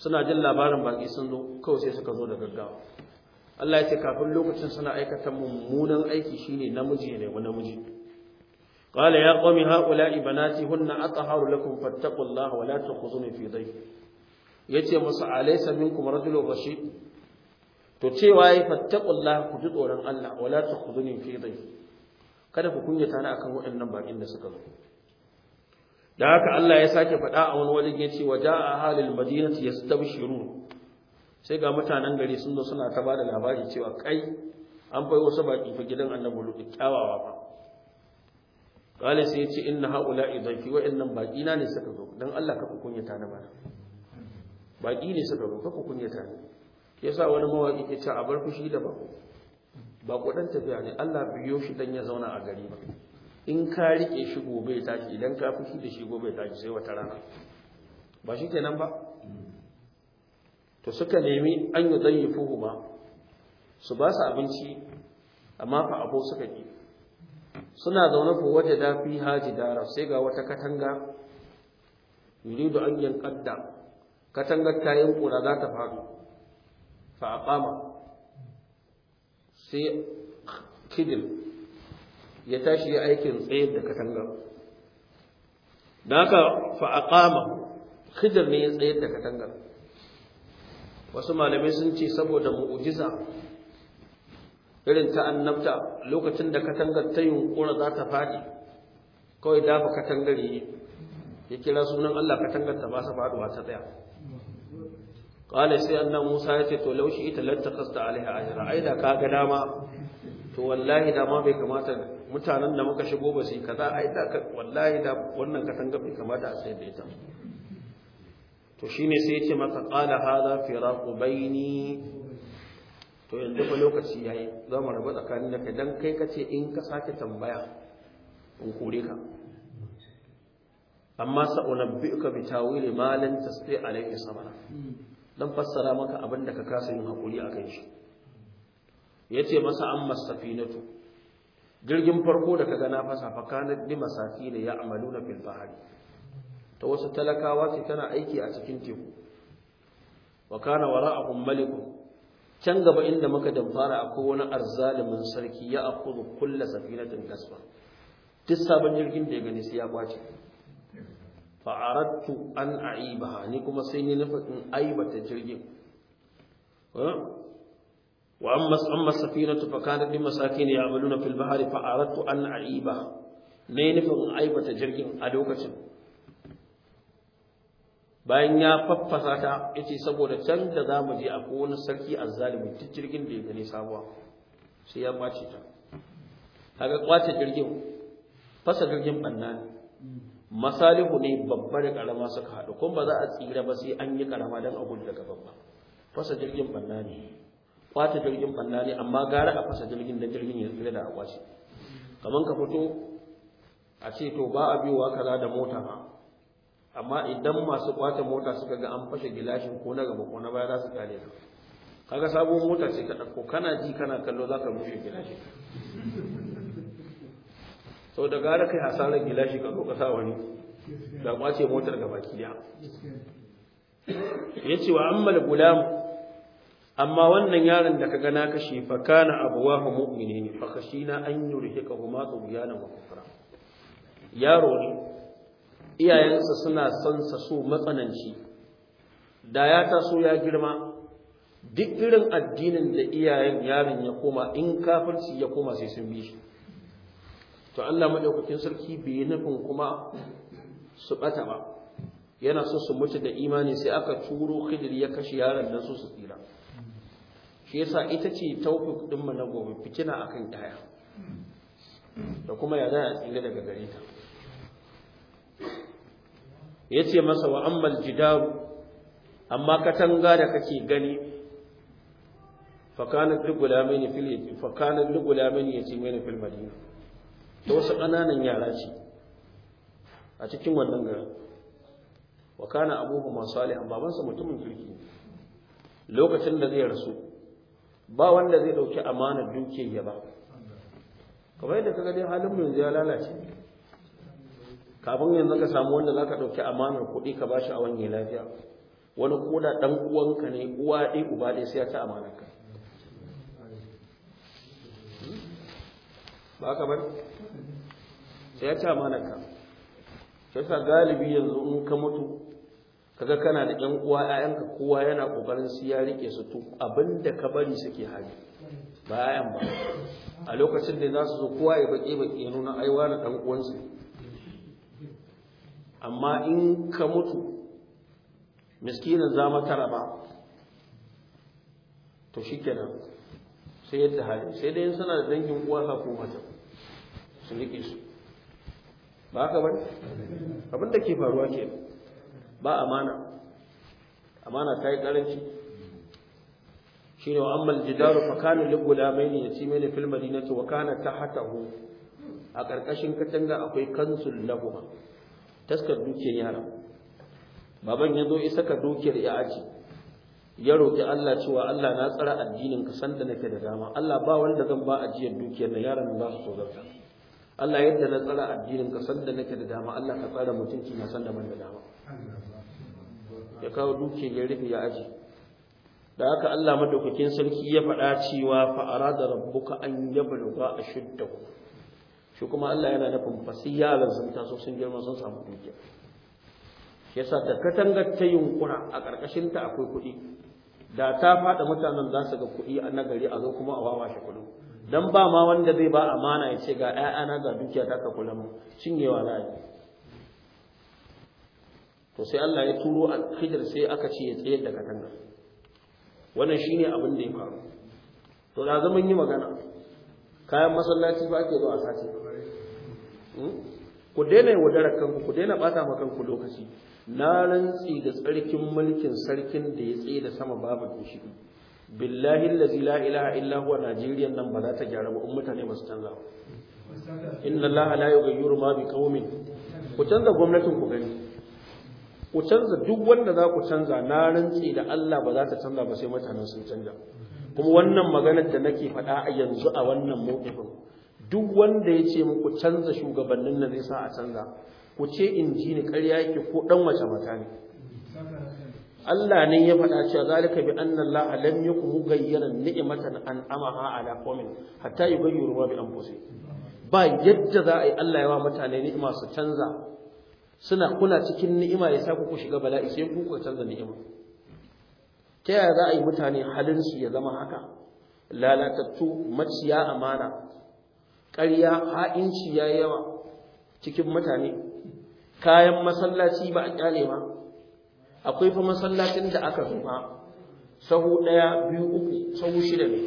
suna jin labarin baki sun zo kawai sai suka zo da gaggawa Allah ya ce kafin lokacin suna aikata mummunan aiki shine namiji ne wa namiji qala ya qaumi ha'ula'i banati hunna atahharu lakum fattaqullaha wa la tukhzuni fi dhayfi yace musu alaysa minkum rajulun rashid to cewa yi fattakullah ku ji tsoron Allah wala takhuduni fi dhayf kada ku kunyata ni akan waɗannan bakin da suka zo da haka Allah ya sake faɗa a wani wajen yace waja'a halil madinati yastabshirun sai ga mutanen gari sun zo suna ta bada labari cewa kai an fai wasu baki fa gidan annabi lutu kyawawa ba kale sai yace inna haula idhaifi wa innam na ne suka zo dan Allah ka kunyata ni ba baki ne suka zo ka kunyata ni yasa wani mawaƙi ke cewa a bar fushi da bako ba ɗan tafiya ne Allah biyo shi dan ya zauna a gari ba in ka rike shi gobe ya tashi idan ka fushi da shi gobe ya tashi sai wata rana ba shi kenan ba to suka nemi an yi fuhu ba su ba su abinci amma fa abu suka ki suna zaune ku waje da fi haji dara sai ga wata katanga yuridu an yankadda katangar ta yankura za ta faɗo fa aqama sai kidir ya tashi aikin tsayar da katangar da haka fa aqama khidir ne ya tsayar da katangar wasu malamai sun ce saboda mu'ujiza irin ta annabta lokacin da katangar ta yunkura za ta faɗi kawai dafa katangare ya kira sunan Allah katangar ta ba sa faɗuwa ta tsaya qala sai annabi Musa ya ce to laushi ita lantakasta alaiha ajra ai da kaga dama to wallahi da ma bai kamata mutanen da muka shigo ba su yi kaza ai da wallahi da wannan katanga bai kamata a sai da ita to shine sai ya ce masa qala hadha firaqu baini to yanzu fa lokaci yayi za mu rabu tsakanin da kai dan kai kace in ka sake tambaya in kore ka amma ka bi tawili ma lan tasbi alayhi sabara dan fassara maka abin da ka kasa yin hakuri a kan shi yace masa amma safinatu jirgin farko da kaga na fasa fa kana di masaki da ya'maluna fil filfahari. ta wasu talakawa ce tana aiki a cikin teku wa kana wara'ahum maliku can gaba inda muka damfara akwai wani arzalimin sarki ya akudu kulla safinatin gasba duk sabon jirgin da ya gani sai ya kwace fa'arattu an a'iba ni kuma sai ni nufin aibata jirgin wa amma amma safinatu fa kana bi masakin ya'maluna fil bahri fa'arattu an a'iba ne nufin aibata jirgin a lokacin bayan ya faffasa ta yace saboda can da zamu je a wani sarki azzalimi tun jirgin da ya gani sabuwa sai ya kwace ta kaga kwace jirgin fasa jirgin banna ne masalihu ne babba da karama suka haɗu kuma ba za a tsira ba sai an yi karama don a gudu daga babba fasa jirgin banna ne kwata jirgin banna amma gara a fasa jirgin da jirgin ya tsira da akwashi kamar ka fito a ce to ba a biyowa kaza da mota ma amma idan masu kwata mota suka ga an fashe gilashin ko na gaba ko na baya za su kare ka kaga sabon mota sai ka ɗauko kana ji kana kallo za ka rushe gilashin sau da gara kai hasarar gilashi ka zo kasa wani da kwace motar ga baki ya ce wa ammal gulam amma wannan yaron da ka gana kashe fa kana abuwahu mu'minin fa na an yi ka kuma tubyanan wa kufra yaro ne iyayensa suna son sa so matsananci da ya taso ya girma duk irin addinin da iyayen yaron ya koma in kafirci ya koma sai sun bi shi to Allah madaukakin sarki bai nufin kuma su bata ba yana so su mutu da imani sai aka turo khidir ya kashe yaron nan su su tsira shi yasa ita ce tawfik din mu na gobe fitina akan daya da kuma ya za a tsira daga gare ta yace masa wa ammal jidaru amma katanga da kake gani fa kana ligulamin fil fa kana ligulamin yace mai fil madina Da wasu ƙananan yara ce a cikin wannan garin wa kana abubuwa masu salihan babansa mutumin kirki lokacin da zai rasu ba wanda zai ɗauki amanar dukiyar ya ba kamar yadda kaga dai halin mu yanzu ya lalace kafin yanzu ka samu wanda za ka ɗauki amanar kuɗi ka bashi a wani lafiya wani koda ɗan uwanka ne uwa ɗaya uba ɗai sai ya ta amanar ka hmm? ba ka bari sai ya mana amanarka sai sa galibi yanzu in ka mutu kaga kana da ƴan uwa ƴaƴanka kowa yana kokarin su ya rike su to abinda ka bari suke hali ba ƴaƴan ba a lokacin da za su zo kowa ya baki baki ya nuna aiwa na ɗan amma in ka mutu za zama tara ba to shikenan sai yadda hali sai dai suna da dangin uwa ka ko mata su rike su ba haka bane abin da ke faruwa ke ba amana amana ta yi karanci shine wa amma jidaru fa kana lil gulamaini yatimaini fil madinati wa kana tahtahu a karkashin katanga akwai kansul lahuma taskar dukiyar yara baban ya zo isa ka dukiyar ya aji ya roki Allah cewa Allah na tsara addinin ka sanda nake da dama Allah ba wanda zan ba ajiyar dukiyar na yaran za su so Allah yadda na tsara addinin ka sanda nake da dama Allah ka tsara mutunci na san da man da dama ya kawo duke ya rufe ya aji da haka Allah madaukakin sarki ya faɗa cewa fa arada rabbuka an yabluga ashuddahu shi kuma Allah yana nufin fasiya lazumta so sun girma sun samu dukiya yasa da katanga ta yunkura a ta akwai kuɗi da ta faɗa mutanen za su ga kuɗi a nagari a zo kuma a wawashe kuɗin dan ba ma wanda zai ba amana ya ce ga ƴaƴana ga dukiya ta ka kula mu cinyewa na yi to sai Allah ya turo a hijir sai aka ce ya tsayar da katanga wannan shine abin da ya faru to da zaman yi magana kayan masallaci ba ake zuwa sace hmm? ku daina yaudarar kanku ku daina bata ma kanku lokaci na rantsi da tsarkin mulkin sarkin da ya tsaye da sama babu shi. billahi lazi la ilaha illa huwa najeriya nan ba za ta gyara ba in mutane ba canza ba inna allaha la yughayyiru ma biqaumin ku canza gwamnatin ku gani ku canza duk wanda za ku canza na rantsi da Allah ba za ta canza ba sai mutanen sun canza kuma wannan maganar da nake faɗa a yanzu a wannan mawqifin duk wanda ya ce muku canza shugabannin nan zai sa a canza ku ce in ji ni karya yake ko dan wace mata ne Allah ne ya faɗa cewa zalika bi anna Allah lam yakum mugayyana ni'matan an'amaha ala qaumin hatta yughayyiru ma bi anfusihim ba yadda za a yi Allah ya wa mutane ni'ima su canza suna kuna cikin ni'ima ya sa ku shiga bala'i sai ku ku canza ni'ima ta yaya za a yi mutane halinsu ya zama haka lalatattu maciya amana ƙarya ha'inci ya yawa cikin mutane kayan masallaci ba a kyale ba akwai fa masallacin da aka zuba sahu ɗaya biyu uku sahu shida ne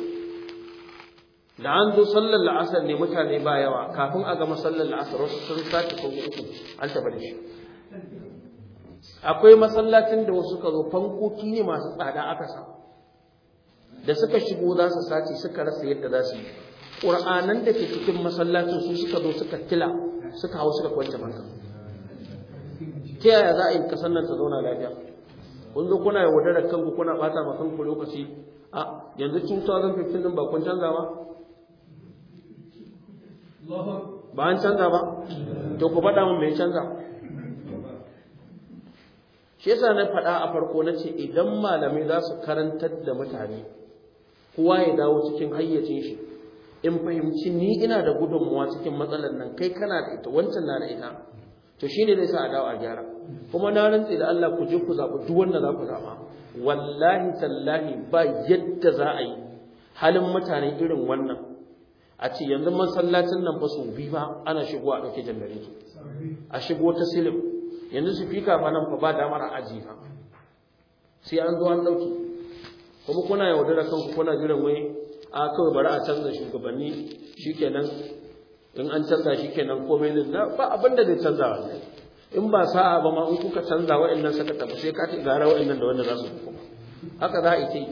da an zo sallar la'asar ne mutane ba yawa kafin a ga sallar la'asar wasu sun sake sahu uku an taɓa da shi akwai masallacin da wasu ka zo fankoki ne masu tsada aka sa da suka shigo za su sace suka rasa yadda za su yi ƙur'anan da ke cikin masallacin su suka zo suka kila suka hau suka kwanta bankan ta yaya za a yi kasan nan ta zauna lafiya kun zo kuna da kanku kuna bata ma kanku lokaci a yanzu 2015 din ba kun canza ba ba an canza ba to ku faɗa mun mai canza shi yasa na faɗa a farko na ce idan malamai za su karantar da mutane kowa ya dawo cikin hayyacin shi in fahimci ni ina da gudunmuwa cikin matsalar nan kai kana da ita wancan na da ita to shine zai sa a dawo a gyara kuma na rantse da Allah ku je ku zaɓi duk wanda za ku zaɓa wallahi tallahi ba yadda za a yi halin mutane irin wannan a ce yanzu masallacin nan fa su bi ba ana shigo a ɗauke jandareto a shigo ta silim yanzu su fika kafa nan fa ba damar a aji fa sai an zo an ɗauke kuma kuna yaudara kanku kuna jiran wai a kawai bari a canza shugabanni shikenan in an canza shikenan komai zai ba abin da zai canza wallahi in ba sa'a ba ma in kuka canza wa'annan saka tafi sai ka ci gara wa'annan da wanda za su kuma haka za a yi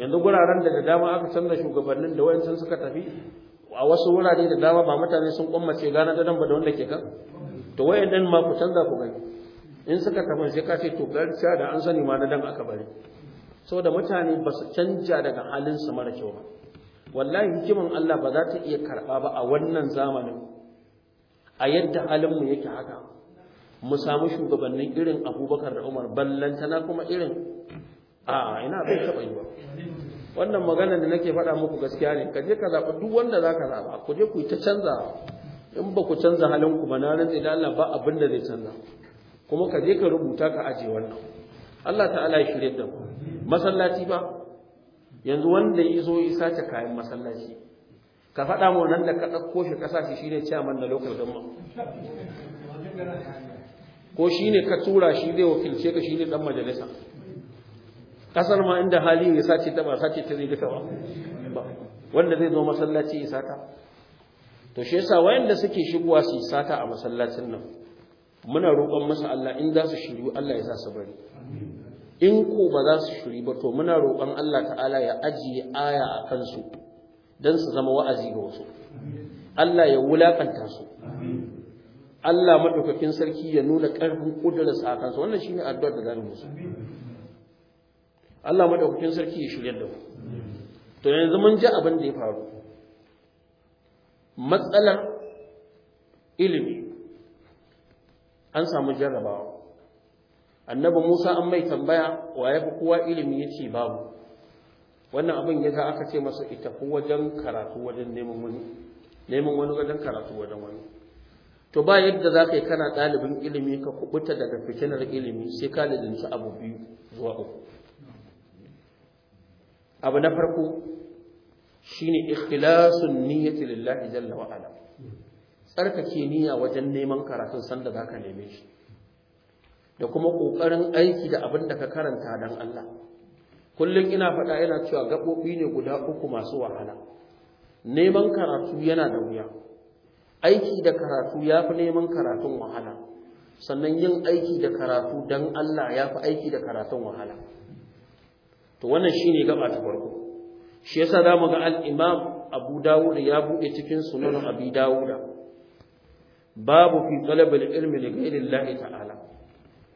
yanzu guraren da da dama aka canza shugabannin da wa'ancan suka tafi a wasu wurare da dama ba mutane sun kwammace gana da dan ba da wanda ke kan to wa'annan ma ku canza ku gani in suka tafi sai ka ce to garcia da an sani ma na dan aka bari saboda mutane ba su canja daga halin su mara kyau ba wallahi hikiman Allah ba za ta iya karɓa ba a wannan zamanin a yadda halinmu yake haka mu samu shugabannin irin abubakar da umar ballantana kuma irin a ina bai taɓa yi ba wannan maganar da nake faɗa muku gaskiya ne ka je ka zaɓa duk wanda za ka zaɓa ku je ku yi ta canza in ba ku canza halin ku ba na rantsi da Allah ba abin da zai canza kuma ka je ka rubuta ka aje wannan Allah ta'ala ya shirye da ku masallaci ba yanzu wanda ya zo ya sace kayan masallaci ka faɗa mu nan da ka ɗauko shi ƙasashe shi ne chairman na local government ko shi ne ka tura shi zai wakilce ka shi ne ɗan majalisa ƙasar ma inda hali ya sace ta ba sace ta zai duka ba wanda zai zo masallaci ya sata to shi yasa wayanda suke shigowa su sata a masallacin nan muna roƙon masa Allah in za su shiru Allah ya sa su bari in ko ba za su shiri ba to muna roƙon Allah ta'ala ya ajiye aya a kansu don su zama wa'azi ga wasu Allah ya wulaƙanta su Allah maɗaukakin sarki ya nuna ƙarfin ƙudurar a wannan wannan ne addu'ar da zamu musu Allah maɗaukakin sarki ya shirya da mu to yanzu mun ji abin da ya faru matsalar ilimi an samu jarrabawa annabi Musa an mai tambaya wa ya fi kowa ilimi ya ce babu wannan abin ya ga aka ce masa ita wajen karatu wajen neman wani neman wani wajen karatu wajen wani to ba yadda za ka yi kana ɗalibin ilimi ka kubuta daga fitinar ilimi sai ka lidinci abu biyu zuwa uku abu na farko shine ikhlasun niyyati lillahi jalla wa ala tsarkake niyya wajen neman karatun sanda za ka neme shi da kuma ƙoƙarin aiki da abin da ka karanta don Allah kullum ina faɗa yana cewa gaɓoɓi ne guda uku masu wahala neman karatu yana da wuya aiki da karatu ya fi neman karatun wahala sannan yin aiki da karatu don Allah ya fi aiki da karatun wahala to wannan shine gaba ta farko shi yasa za mu ga al-imam abu dawud ya buɗe cikin sunan abi dawud babu fi talabil ilmi li ghayrillahi ta'ala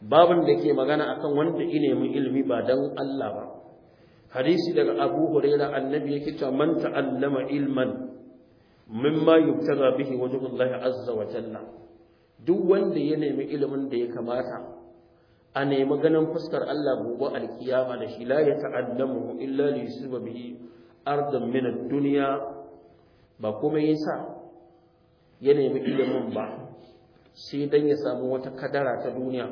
babun da ke magana akan wanda ilimin ilmi ba dan Allah ba hadisi daga abu huraira annabi yake cewa man ta'allama ilman mimma yuktaza bihi wajhullahi azza wa jalla duk wanda ya nemi ilimin da ya kamata a nemi ganin fuskar Allah gobe alkiyama da shi la ya ta'addamu illa li yusiba ardan min ad-dunya ba kuma yasa ya nemi ilimin ba sai dan ya samu wata kadara ta duniya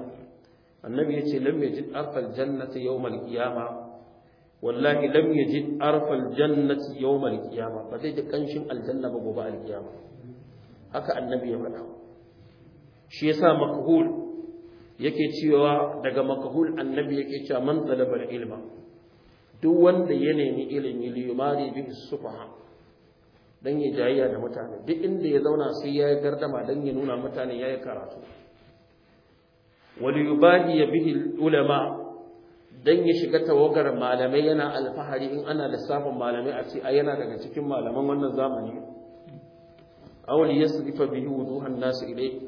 annabi yace lam yajid arfal jannati yau, al wallahi lam yajid arfal jannati yawmal qiyamah ba zai ji kanshin aljanna ba gobe alkiyama haka annabi ya faɗa shi yasa makhul yake cewa daga makhul annabi yake cewa man talaba ilma duk wanda ya nemi ilimi li yumari bi sufaha dan ya jayayya da mutane duk inda ya zauna sai ya gardama dan ya nuna mutane yayi karatu wali yubadi bihi ulama dan ya shiga tawagar malamai yana alfahari in ana lissafin malamai a ce a yana daga cikin malaman wannan zamani ya yasrifa bihi wuduhan nasu ilai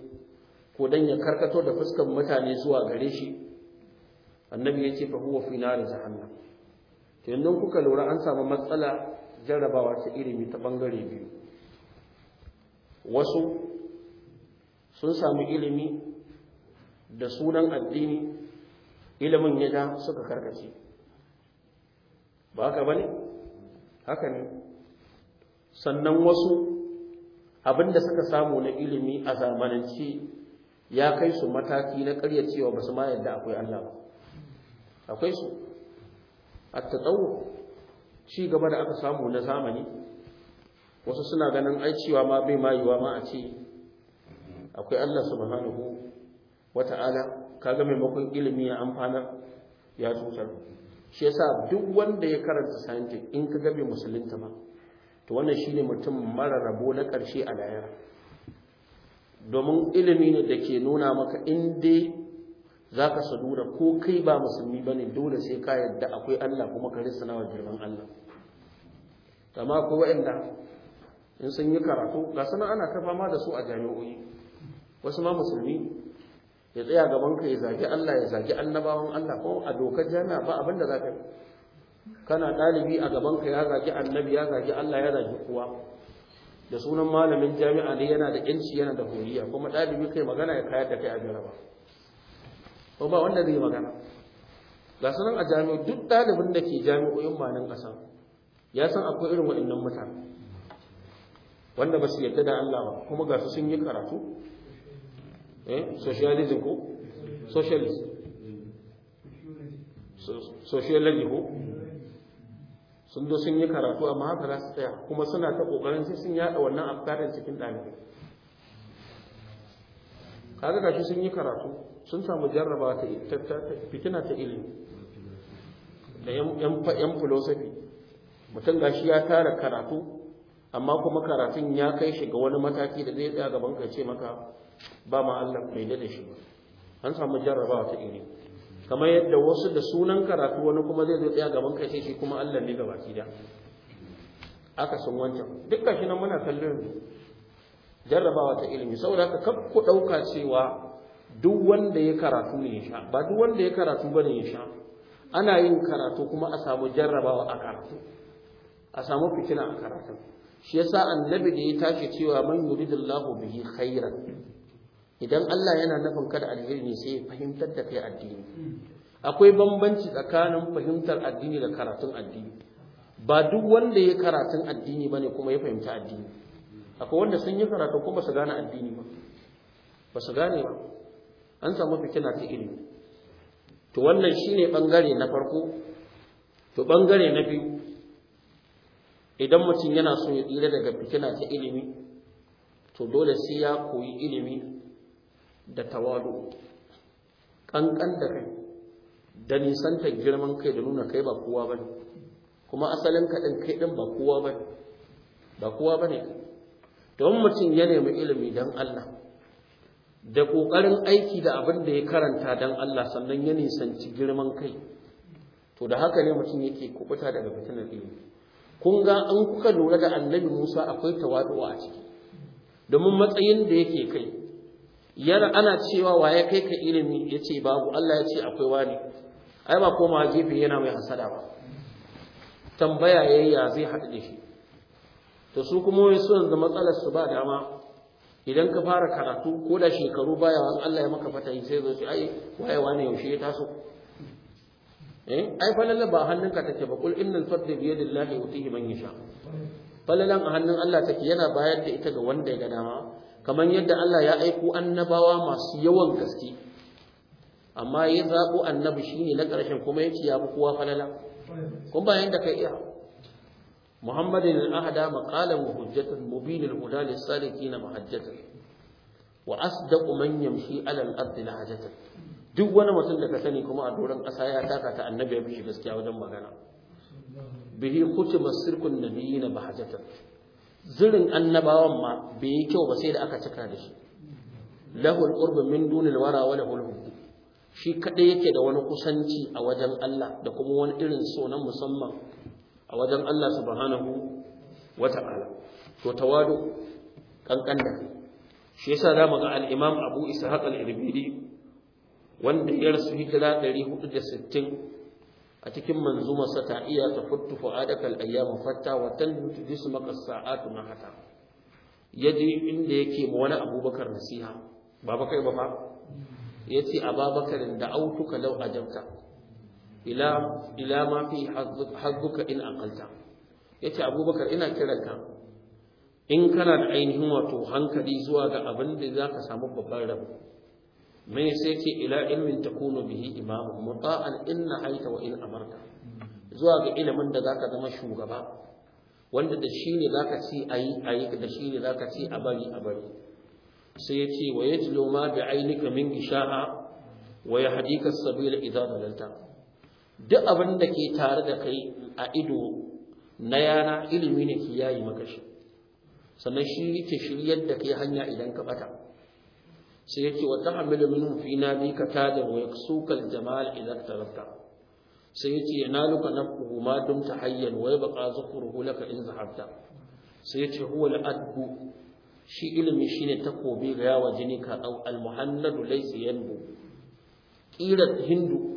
ko dan ya karkato da fuskar mutane zuwa gare shi annabi yace fa huwa fi nar jahannam to yanzu kuka lura an samu matsala jarrabawa ta ilimi ta bangare biyu wasu sun samu ilimi da sunan addini ilimin ya ja suka karkace ba haka ne, haka ne sannan wasu abinda suka samu na ilimi a zamanance ya kai su mataki na ƙarya cewa ba su ma yadda akwai Allah ba akwai su A tatawwu ci gaba da aka samu na zamani wasu suna ganin ai cewa ma bai mayuwa ma a ce akwai Allah subhanahu ta'ala. kaga maimakon ilimi ya amfana ya cutar shi yasa duk wanda ya karanta sanje in ka gabe musulunta ma? to wannan shine mutum mara rabo na karshe a layar domin ilimi ne da ke nuna maka in dai za ka sadura ko kai ba musulmi ba ne dole sai ka yadda akwai Allah kuma ka rinsa na girman Allah amma ko wa'anda in sun yi karatu ga sana ana kafa fama da su a jami'o'i wasu ma musulmi ya tsaya gaban ka ya zaki Allah ya zaki annabawan Allah ko a dokar jami'a ba abin da zaka yi kana ɗalibi a gaban ka ya zaki annabi ya zaki Allah ya zaki kowa da sunan malamin jami'a ne yana da yanci yana da horiya kuma ɗalibi kai magana ya kayar da kai a jaraba ko ba wanda zai magana ga sunan a jami'a duk ɗalibin da ke jami'o'in ma nan ƙasa ya san akwai irin waɗannan mutane wanda ba su yarda da Allah ba kuma ga su sun yi karatu Eh? socialism ko Socialism. sociology ko sun zo sun yi karatu amma haka za su tsaya kuma suna ta kokarin sai sun yada wannan afkarin cikin ɗalibai kaga gashi sun yi karatu sun samu jarraba ta fitina ta ilimi da yan philosophy mutum gashi ya tara karatu amma kuma karatun ya kai shi ga wani mataki da zai tsaya gaban ka ce maka ba ma Allah mai da shi ba an samu jarrabawa ta iri kamar yadda wasu da sunan karatu wani kuma zai zo tsaya gaban kai sai shi kuma Allah ne ki da aka sun wancan dukkan shi nan muna kallon jarrabawa ta ilimi saboda haka kar ku dauka cewa duk wanda ya karatu ne ya sha ba duk wanda ya karatu bane ya sha ana yin karatu kuma a samu jarrabawa a karatu a samu fitina a karatu shi yasa annabi da ya tashi cewa man yuridullahu bihi khairan idan Allah yana nufin kada alheri ne sai ya fahimtar da kai addini akwai bambanci tsakanin fahimtar addini da karatun addini ba duk wanda ya karatun addini bane kuma ya fahimta addini akwai wanda sun yi karatu kuma ba su gane addini ba ba su gane ba an samu fitina ta ilimi to wannan shine bangare na farko to bangare na biyu idan mutum yana so ya tsira daga fitina ta ilimi to dole sai ya koyi ilimi da tawadu ƙanƙan da kai da nisantar girman kai da nuna kai ba kowa ba kuma asalin kaɗin kai ɗin ba kowa ba ba kowa ba ne don mutum ya nemi ilimi don Allah da ƙoƙarin aiki da abin da ya karanta don Allah sannan ya nisanci girman kai to da haka ne mutum yake kubuta daga fitinar ilimi kun ga an kuka lura da annabi Musa akwai tawadu a ciki domin matsayin da yake kai yana ana cewa waye kai ka ilimi yace babu Allah yace akwai wani ai ba koma gefe yana mai hasada ba tambaya yayi ya zai hadu da shi to su kuma wai sun da matsalar su ba dama idan ka fara karatu ko da shekaru baya wan Allah ya maka fata sai zo shi ai waye wani yaushe ya taso eh ai falalla ba hannunka take ba kul innal fadli bi yadillahi yutihi man yasha falalan a hannun Allah take yana bayar da ita ga wanda ya ga dama kamar yadda Allah ya aiko annabawa masu yawan gaske amma ya zaɓo annabi shine na ƙarshen kuma ya ci ya fi kowa falala kun bayan da ka iya muhammadin al'ahada maƙalan hujjatun mubinin huda lissaliki na mahajjatun wa asdaqu man yamshi ala al-ardi lahajatan duk wani mutum da ka sani kuma a doron ƙasa ya taka ta annabi ya fi gaskiya wajen magana bihi kutima sirkun nabiyina bahajatan zirin annabawan ma bai yi kyau ba sai da aka cika da shi lahul qurbu min dunil wara wa lahul shi kadai yake da wani kusanci a wajen Allah da kuma wani irin so na musamman a wajen Allah subhanahu wata'ala to tawadu kankan da shi yasa zamu ga al-Imam Abu Ishaq al-Irbidi wanda ya rasu hijira 460 a cikin manzuma, sa ta iya ta futtu fu'adaka al-ayyamu fatta wa tanhutu jismaka as-sa'atu mahata yaji inda yake ma wani Abubakar nasiha baba kai ba fa yace Ababakar da autuka law ajabta ila ila ma fi hazzuka in aqalta yace Abubakar ina kiranka in kana da ainihin wato hankali zuwa ga abin da zaka samu babban rabo mai sai ce ila ilmin takunu bihi imamu muta'an inna haita wa in amarka zuwa ga ilimin da ka zama shugaba wanda da shi ne zaka ci ayi ayi da shi ne a bari a bari sai ce wa yajlu ma bi ainika min gishaha wa yahdika as-sabila idza dalalta duk abinda ke tare da kai a ido na yana ilimi ne ke yayi maka shi sannan shi yake shiryar da kai hanya idan ka ɓata. sai yake wa tahmilu minhu fi ka tada wa yaksuka al-jamal idza tarakta sai yace yanaluka nafhu ma dumta hayyan wa yabqa zukhruhu laka in zahabta sai yace huwa al-adbu shi ilimi shine takobi ga yawa jini ka dau al-muhannadu laysa yanbu hindu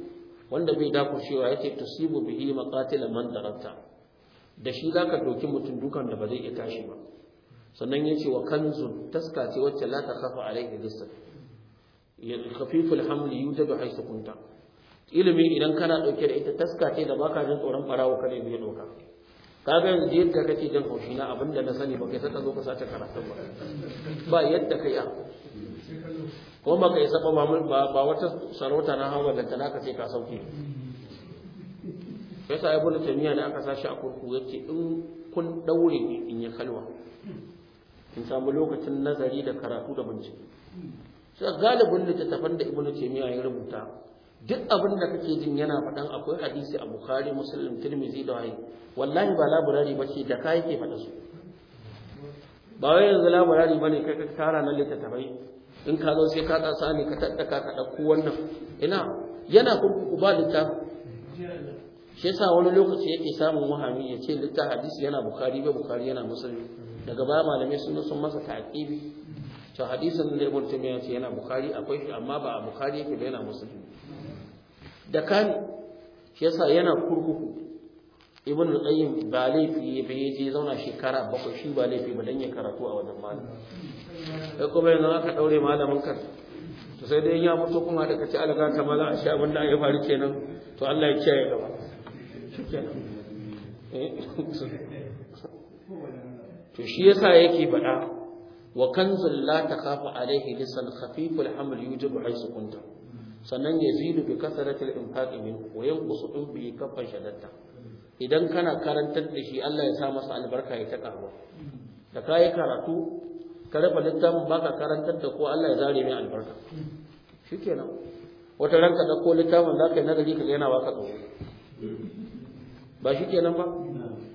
wanda bai dakushewa yace tusibu bihi maqatila man darabta da shi zaka doki mutum dukan da ba zai iya tashi ba sannan ya ce wa kanzu taska ce wacce la ta kafa alaihi rizqan khafiful hamli yutadu haisu kunta ilimi idan kana dauke da ita taska ce da baka jin tsoron barawo kada ya doka ka ga yanzu yadda kake jin haushi na abin da na sani ba kai ta zo ka sace karatun ba ba yadda kai a ko ba kai saba ba ba wata sarauta na hawa da talaka ce ka sauke sai sa ibnu tamiya da aka sashi a kurku yace in kun daure in ya kalwa in samu lokacin nazari da karatu da bincike shi galibin littattafan da ibnu taymiya ya rubuta duk abin da kake jin yana fadan, akwai hadisi a bukhari muslim tirmizi da wai wallahi ba laburari ba da kai yake faɗa su ba wai yanzu laburari ba ne kai ka tara nan littattafai in ka zo sai ka tsasa sani ka taddaka ka ɗauko wannan ina yana kurkuku ba littafi shi yasa wani lokaci yake samun muhammi ya ce littafi hadisi yana bukhari ba bukhari yana muslim daga baya malamai sun sun masa taqibi to hadisin da Ibn Taymiyyah ce yana Bukhari akwai shi amma ba a Bukhari yake ba yana Muslim da kan shi yasa yana kurkuku Ibn al-Qayyim ba laifi ba je zauna shekara bakwai shi ba laifi ba dan ya karatu a wajen malam kai kuma yanzu aka daure malamin ka to sai dai ya mutu kuma daga ci alaka ta mala a sha wanda ya faru kenan to Allah ya kiyaye gaba shikenan eh to shi yasa yake faɗa wa kanzul la takhafu alayhi lisan khafiful haml yujibu haythu kunta sannan yazidu bi kasratil infaqi min wa yanqusu bi kafan shadatta idan kana karantar da shi Allah ya sa masa albarka ya ta karuwa da kai karatu ka raba littafin baka karantar da ko Allah ya zare mai albarka shikenan wata ranka da ko littafin zaka yi nazari ka ga yana baka tsoro ba shikenan ba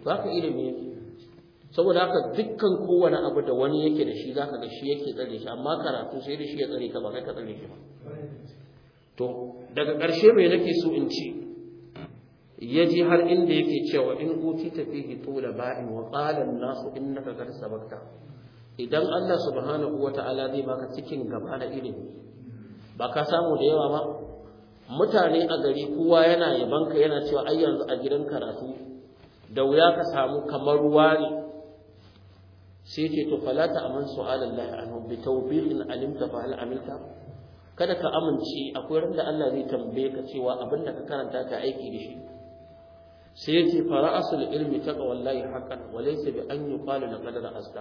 zaka ilimi yake saboda haka dukkan kowane abu da wani yake da shi zaka ga shi yake tsare shi amma karatu sai da shi ya tsare ka ba kai ka tsare shi ba to daga ƙarshe mai nake so in ci ya ji har inda yake cewa in uti fi hito da ba'in wa qalan nasu innaka qad sabaqta idan Allah subhanahu wata'ala zai baka cikin gaba da ilimi ba ka samu da yawa ba mutane a gari kowa yana yabanka yana cewa ai yanzu a gidan karatu da wuya ka samu kamar ruwa ne sai ce to fala ta aman su'alallahi anhu bi tawbiqin alimta fa hal amilta kada ka amince akwai ran da Allah zai tambaye ka cewa abin da ka karanta ka aiki da shi sai ya ce fara'asul ilmi taqwallahi haqqan wa laysa bi an yuqala laqad ra'asta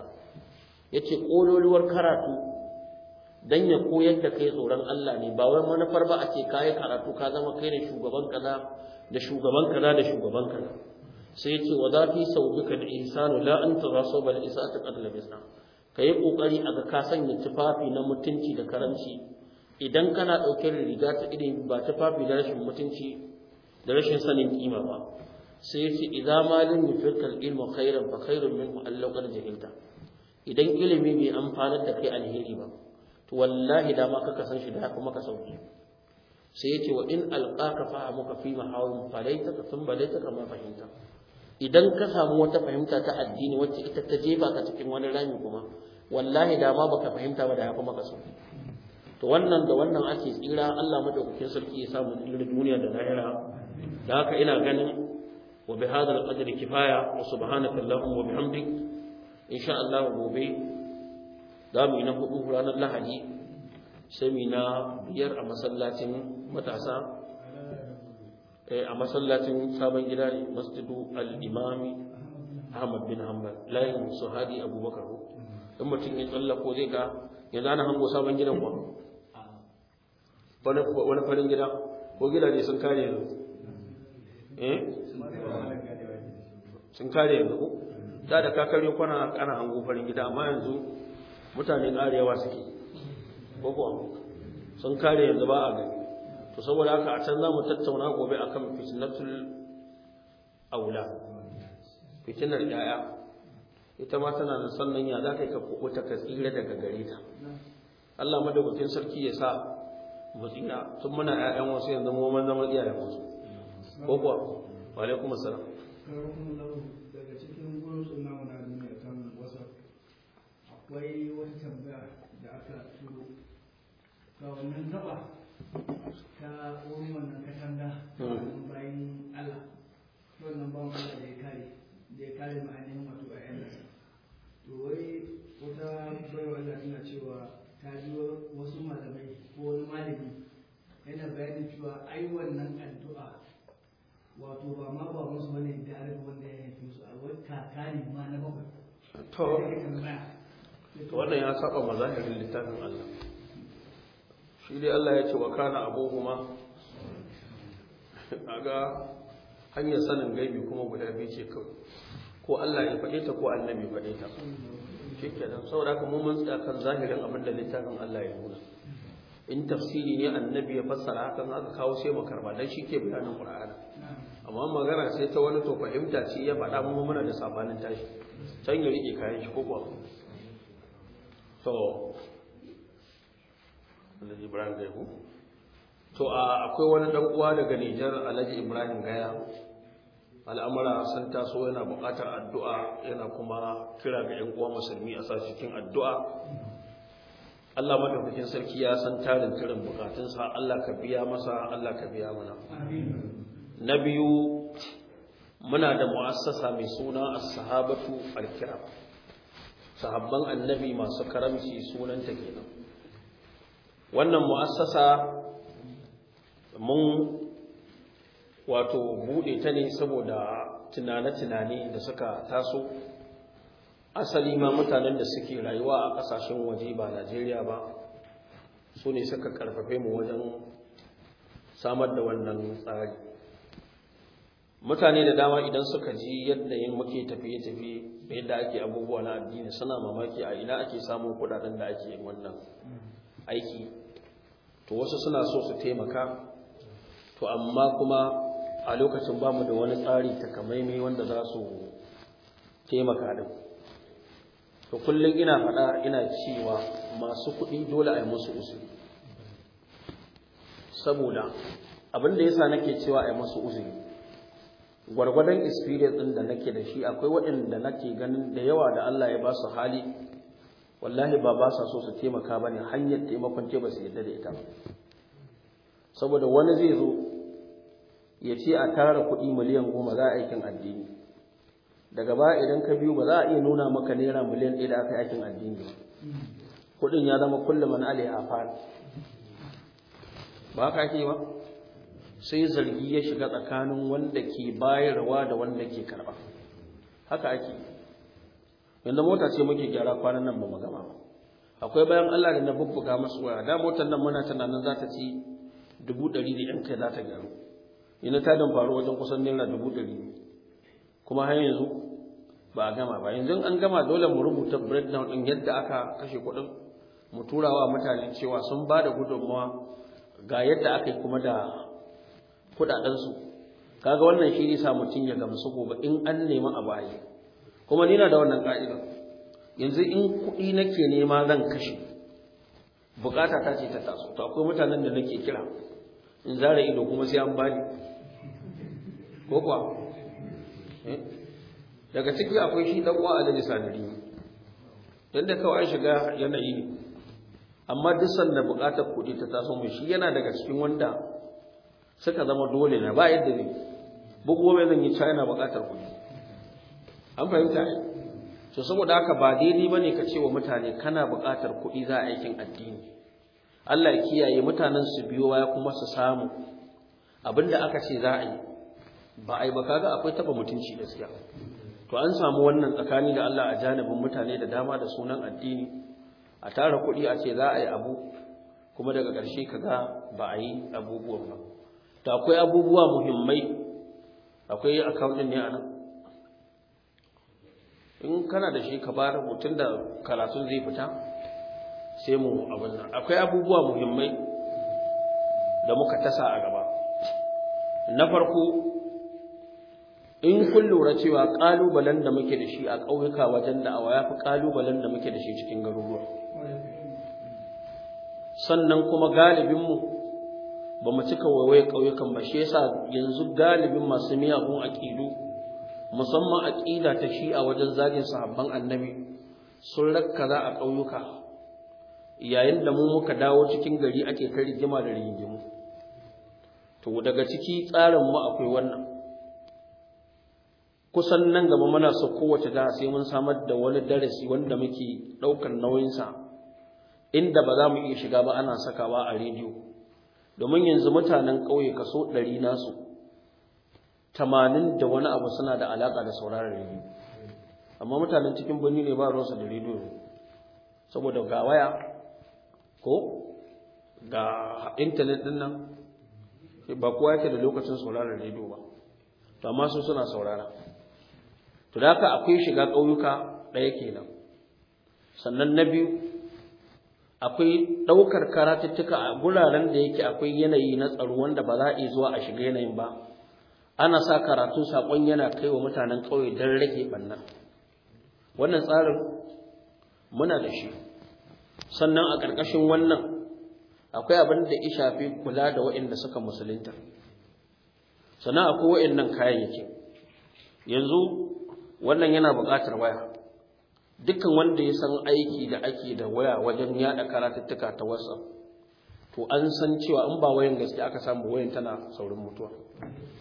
yace kololuwar karatu dan ya koyar da kai tsoron Allah ne ba wai manufar ba a ce kai karatu ka zama kai ne shugaban kaza da shugaban kaza da shugaban kaza sai ya ce wa za fi sau bi da insanu la an tura so bal isa ta kadla bisa ka yi kokari a ga ka sanya tufafi na mutunci da karamci idan kana ɗauke da riga ta irin ba tufafi da rashin mutunci da rashin sanin kima ba sai ya ce idza ma lam yufirkal ilmu khairan fa khairun minhu allau jahilta idan ilimi bai amfanar da kai alheri ba to wallahi da ma kaka san shi da haka ka sauki sai ya ce wa in alqaka fa amuka fi mahawin falaita ka sun balaita kama fahimta idan ka samu wata fahimta ta addini wacce ita ta jefa ka cikin wani rami kuma wallahi da ma baka fahimta ba da ya kuma kaso to wannan da wannan ake tsira Allah madaukakin sarki ya samu duniya da lahira da haka ina ganin wa bi hadha al-qadri kifaya wa subhanaka allahumma wa bihamdik insha Allah gobe za mu yi na hudu ranar lahadi sai mu na biyar a masallacin matasa Eh, a masallacin sabon gida ne masjidu al-imami ahmad bin hanbal layin suhadi abubakar mm-hmm. in mutum ya tsalla ko zai ga ya zana hango sabon gidan kuwa, wani farin gida ko gida ne sun kare yanzu eh? sun kare yanzu ko mm-hmm. da da kakare kwana ana hango farin gida amma yanzu mutane ƙarewa suke ko kuwa sun kare yanzu ba a gani to saboda haka a can za mu tattauna gobe akan fitnatul aula fitinar yaya ita ma tana da sannan ya za ka yi ka ta ka tsira daga gare ta Allah madaukakin sarki ya sa mu tsira tun muna ƴaƴan wasu yanzu mu mun zama iyayen wasu ko kuwa wa alaikum assalam daga cikin gurbin namu na duniya kan wasa akwai wata tambaya da aka turo ga wannan ta wurin wannan katanga hmm. bayan Allah wannan da ya kare da ya kare ma'anin wato a to wai wata baiwa Allah tana cewa ta ji wasu malamai ko wani malami yana bayanin cewa ai wannan addu'a wato ba ma ba musu bane da wanda ya haife su a wani kaka ne ma na bakwai to wannan ya saba mazahirin littafin Allah shi dai Allah ya ce wa kana abuhuma kaga hanyar sanin gaibi kuma guda biyu ce kawai ko Allah ya faɗe ta ko annabi ya faɗe ta shikenan saboda haka mun tsaya kan zahirin abin da littafin Allah ya nuna in tafsiri ne annabi ya fassara hakan aka kawo sai mu karba dan shi ke bayanin Qur'ani amma magana sai ta wani to fahimta ce ya faɗa mu muna da sabanin tashi can ya rike kayan shi ko kuwa to alhaji ibrahim ku to akwai wani dan uwa daga nijar alhaji ibrahim gaya al'amura sun taso yana buƙatar addu'a yana kuma kira ga ‘yan uwa musulmi a cikin addu'a Allah madaukakin sarki ya san tarin kiran bukatunsa Allah ka biya masa Allah ka biya mana na biyu muna da mu'assasa mai suna as-sahabatu al-kiram sahabban annabi masu karamci sunanta kenan wannan mu'assasa mun wato buɗe ta ne saboda tunane-tunane da suka taso asali ma mutanen da suke rayuwa a ƙasashen waje ba najeriya ba su ne suka ƙarfafe mu wajen samar da wannan tsari mutane da dama idan suka ji yadda yin muke tafiye-tafiye da yadda ake abubuwa na addini suna mamaki a ina ake samun kudaden da ake yin wannan aiki to wasu suna so su taimaka to amma kuma a lokacin bamu da wani tsari takamaimai wanda za su taimaka din to kullum ina faɗa ina cewa masu kuɗi dole a yi musu usuri saboda abin da yasa nake cewa a yi musu usuri gwargwadon experience ɗin da nake da shi akwai waɗanda nake ganin da yawa da Allah ya ba su hali wallahi ba ba sa so su taimaka ba ne hanyar taimakon ce ba su yadda da ita ba saboda wani zai zo ya ce a tara kuɗi miliyan goma za a aikin addini daga ba idan ka biyu ba za a iya nuna maka naira miliyan ɗaya da aka yi aikin addini kuɗin ya zama kullum an alai a fara ba ka ake ba sai zargi ya shiga tsakanin wanda ke bayarwa da wanda ke karɓa haka ake yanzu mota ce muke gyara kwanan nan ba mu gama ba akwai bayan Allah da na bubbuga masu waya da motar nan muna tunanin za ta ci dubu ɗari da yan za ta gyaru yanzu ta dan faru wajen kusan naira dubu ɗari kuma har yanzu ba a gama ba yanzu an gama dole mu rubuta breakdown ɗin yadda aka kashe kuɗin mu tura wa mutane cewa sun ba da gudunmawa ga yadda aka yi kuma da kuɗaɗensu kaga wannan shi ne sa mutum ya gamsu gobe in an nemi abu a yi kuma ni na da wannan ka'ida yanzu in kuɗi nake nema zan kashe bukata ta ce ta taso to akwai mutanen da nake kira in zara ido kuma sai an bani ko kuwa eh. daga ciki akwai shi dan uwa alhaji sanari dan da kawai shiga yanayi amma duk sanda bukatar kuɗi ta taso mai shi yana daga cikin wanda suka zama dole na ba yadda ne bugu mai zan yi china bukatar kuɗi an fahimta ne to saboda haka ba daidai bane ka ce wa mutane kana buƙatar kuɗi za a aikin addini Allah ya kiyaye mutanen su biyo baya kuma su samu abinda aka ce za a yi ba a yi ba kaga akwai taba mutunci gaskiya to an samu wannan tsakani da Allah a janibin mutane da dama da sunan addini a tara kuɗi a ce za a yi abu kuma daga ƙarshe kaga ba a yi abubuwan ba to akwai abubuwa muhimmai akwai accounting ne a nan in kana da shi ka ba rubutun da karatun zai fita sai mu abin nan akwai abubuwa muhimmai da muka tasa a gaba na farko in kun lura cewa ƙalubalen da muke da shi a ƙauyuka wajen da ya fi ƙalubalen da muke da shi cikin garuruwa sannan kuma galibinmu ba mu cika waiwaye ƙauyukan ba shi yasa yanzu galibin masu miyagun aƙidu musamman aƙida ta shi a wajen zagin sahabban annabi sun rakkaza a ƙauyuka yayin da mu muka dawo cikin gari ake kai rigima da rigingimu to daga ciki tsarin mu akwai wannan kusan nan gaba muna so kowace jiha sai mun samar da wani darasi wanda muke ɗaukar nauyinsa inda ba za mu iya shiga ba ana sakawa a rediyo domin yanzu mutanen ƙauye kaso ɗari nasu tamanin da wani abu suna da alaƙa da sauraron rediyo amma mutanen cikin birni ne ba ruwansa da rediyo saboda ga waya ko ga intanet ɗin nan ba kowa yake da lokacin sauraron rediyo ba to amma su suna saurara to da haka akwai shiga ƙauyuka ɗaya kenan sannan na biyu akwai ɗaukar karatuttuka a guraren da yake akwai yanayi na tsaro wanda ba za a iya zuwa a shiga yanayin ba ana sa karatu saƙon yana kai wa mutanen ƙauye don rage ɓanna wannan tsarin muna da shi sannan a ƙarƙashin wannan akwai abin da ya shafi kula da waɗanda suka musulunta sannan akwai waɗannan kayayyaki yanzu wannan yana buƙatar waya dukkan wanda ya san aiki da ake da waya wajen yaɗa karatuttuka ta whatsapp to an san cewa in ba wayan gaske aka samu wayan tana saurin mutuwa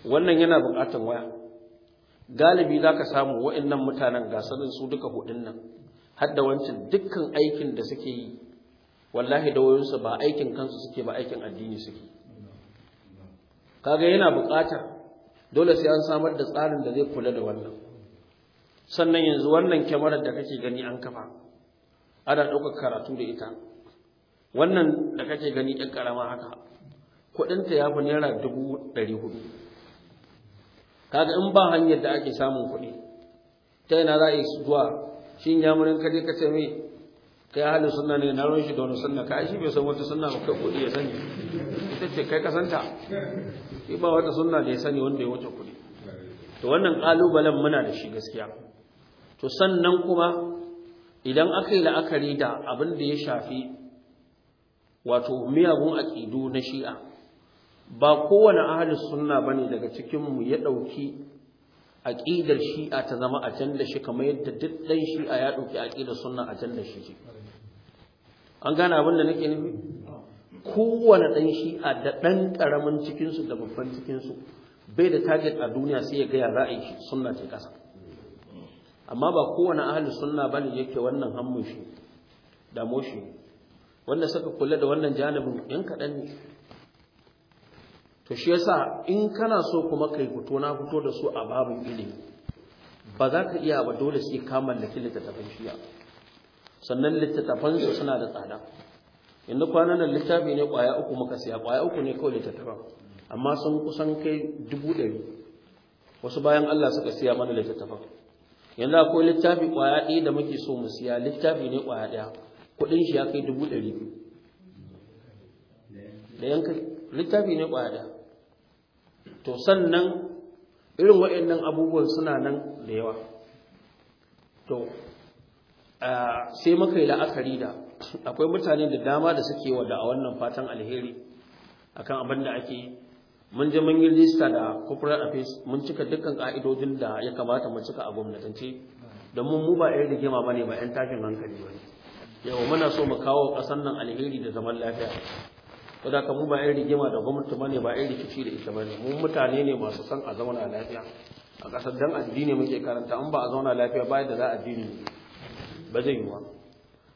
wannan yana buƙatar waya galibi za ka samu nan mutanen gasarin su duka hudun nan har da wancan dukkan aikin da suke yi wallahi da wayoyinsu ba aikin kansu suke ba aikin addini suke kaga yana buƙatar dole sai an samar da tsarin da zai kula da wannan sannan yanzu wannan kyamarar da kake gani an kafa ana ɗaukar karatu da ita wannan da kake gani ɗan ƙarama haka kuɗinta ya fi naira dubu ɗari hudu kaga in ba hanyar da ake samun kuɗi ta yana za a yi zuwa shi yamurin kaje ka ce mai kai halin sunna ne na ruwan shi da wani sunna ka shi bai san wata sunna ba kai kuɗi ya sani ita ce kai kasanta shi ba wata sunna da ya sani wanda ya wuce kuɗi to wannan ƙalubalen muna da shi gaskiya to sannan kuma idan aka yi la'akari da abin da ya shafi wato miyagun aƙidu na shi'a ba kowane ahalin sunna bane daga cikinmu ya ɗauki aƙidar shi'a ta zama a can da shi kamar yadda duk ɗan shi'a ya ɗauki aƙidar sunna a can da shi an gane abin da nake nufi kowane ɗan shi'a da ɗan ƙaramin cikinsu da babban cikinsu bai da target a duniya sai ya gaya ra'ayi shi sunna ce ƙasa amma ba kowane ahalin sunna bane yake wannan hammushi shi moshi wanda suka kula da wannan janibin yan kaɗan ne to shi yasa in kana so kuma kai fito na fito da su a babin ilimi ba za ka iya ba dole sai ka mallaki littattafan shiya sannan littattafan su suna da tsada inda kwanan nan littafi ne kwaya uku muka siya kwaya uku ne kawai littattafan amma sun kusan kai dubu ɗari wasu bayan Allah suka siya mana littattafan yanzu akwai littafi kwaya ɗaya da muke so mu siya littafi ne kwaya ɗaya kuɗin shi ya kai dubu ɗari da yanka littafi ne ƙwada to sannan irin waɗannan abubuwan suna nan da yawa to sai maka yi la'akari da akwai mutane da dama da suke wa da a wannan fatan alheri akan abin da ake mun je mun yi lista da corporate affairs mun cika dukkan ka'idodin da ya kamata mu cika a gwamnatance don mu ba 'yan rigima bane ba 'yan tashin hankali ba ne. Yau, muna so mu kawo ƙasar nan alheri da zaman lafiya ko da mu ba 'yan rigima da gwamnati bane ba 'yan rikici da ita bane mu mutane ne masu san a zauna lafiya a ƙasar dan addini muke karanta in ba a zauna lafiya ba yadda za addini ba zai yiwa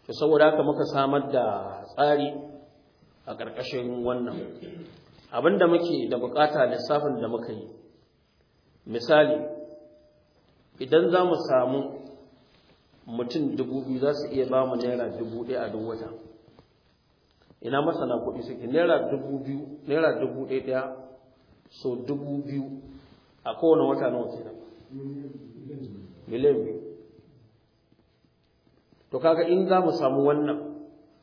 to saboda haka muka samar da tsari a ƙarƙashin wannan abin da muke da buƙata lissafin da muka yi misali idan za mu samu mutum dubu biyu za su iya ba mu naira dubu ɗaya a duk wata ina masana kuɗi suke naira dubu biyu naira dubu ɗaya ɗaya so dubu biyu a kowane wata nawa kenan miliyan biyu to kaga in za mu samu wannan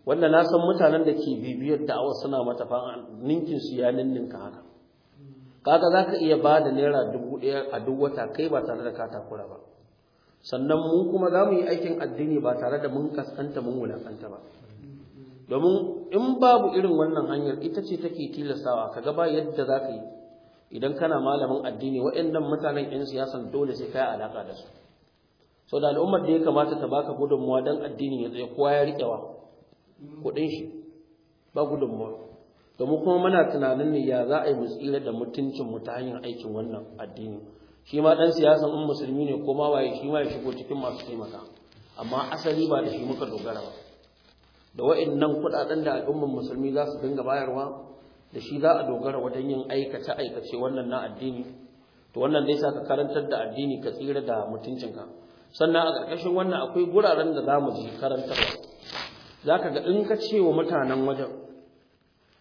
wanda na san mutanen da ke bibiyar da'awar suna mata fa ninkin su ya ninninka haka kaga zaka iya ba da naira dubu ɗaya a duk wata kai ba tare da ka takura ba sannan mu kuma za mu yi aikin addini ba tare da mun kaskanta mun wulakanta ba domin in babu irin wannan hanyar ita ce take tilastawa ga ba yadda za ka yi idan kana malamin addini waɗannan mutanen 'yan siyasan dole sai ka yi alaƙa da su sau da al'ummar da ya kamata ta baka gudunmuwa don addini ya tsaye kowa ya riƙewa kuɗin shi ba gudunmuwa domin kuma muna tunanin ne ya za a yi mu tsira da mutuncin mu ta hanyar aikin wannan addini shi ma dan siyasan in musulmi ne ko ma waye shi ma ya shigo cikin masu taimaka amma asali ba da shi muka dogara ba da wa'annan kudaden da al'ummar musulmi za su dinga bayarwa da shi za a dogara wajen yin aikace aikace wannan na addini to wannan dai sa ka karantar da addini ka tsira da mutuncinka sannan a ƙarƙashin wannan akwai guraren da za mu ji karantarwa za ka ga in ka ce wa mutanen wajen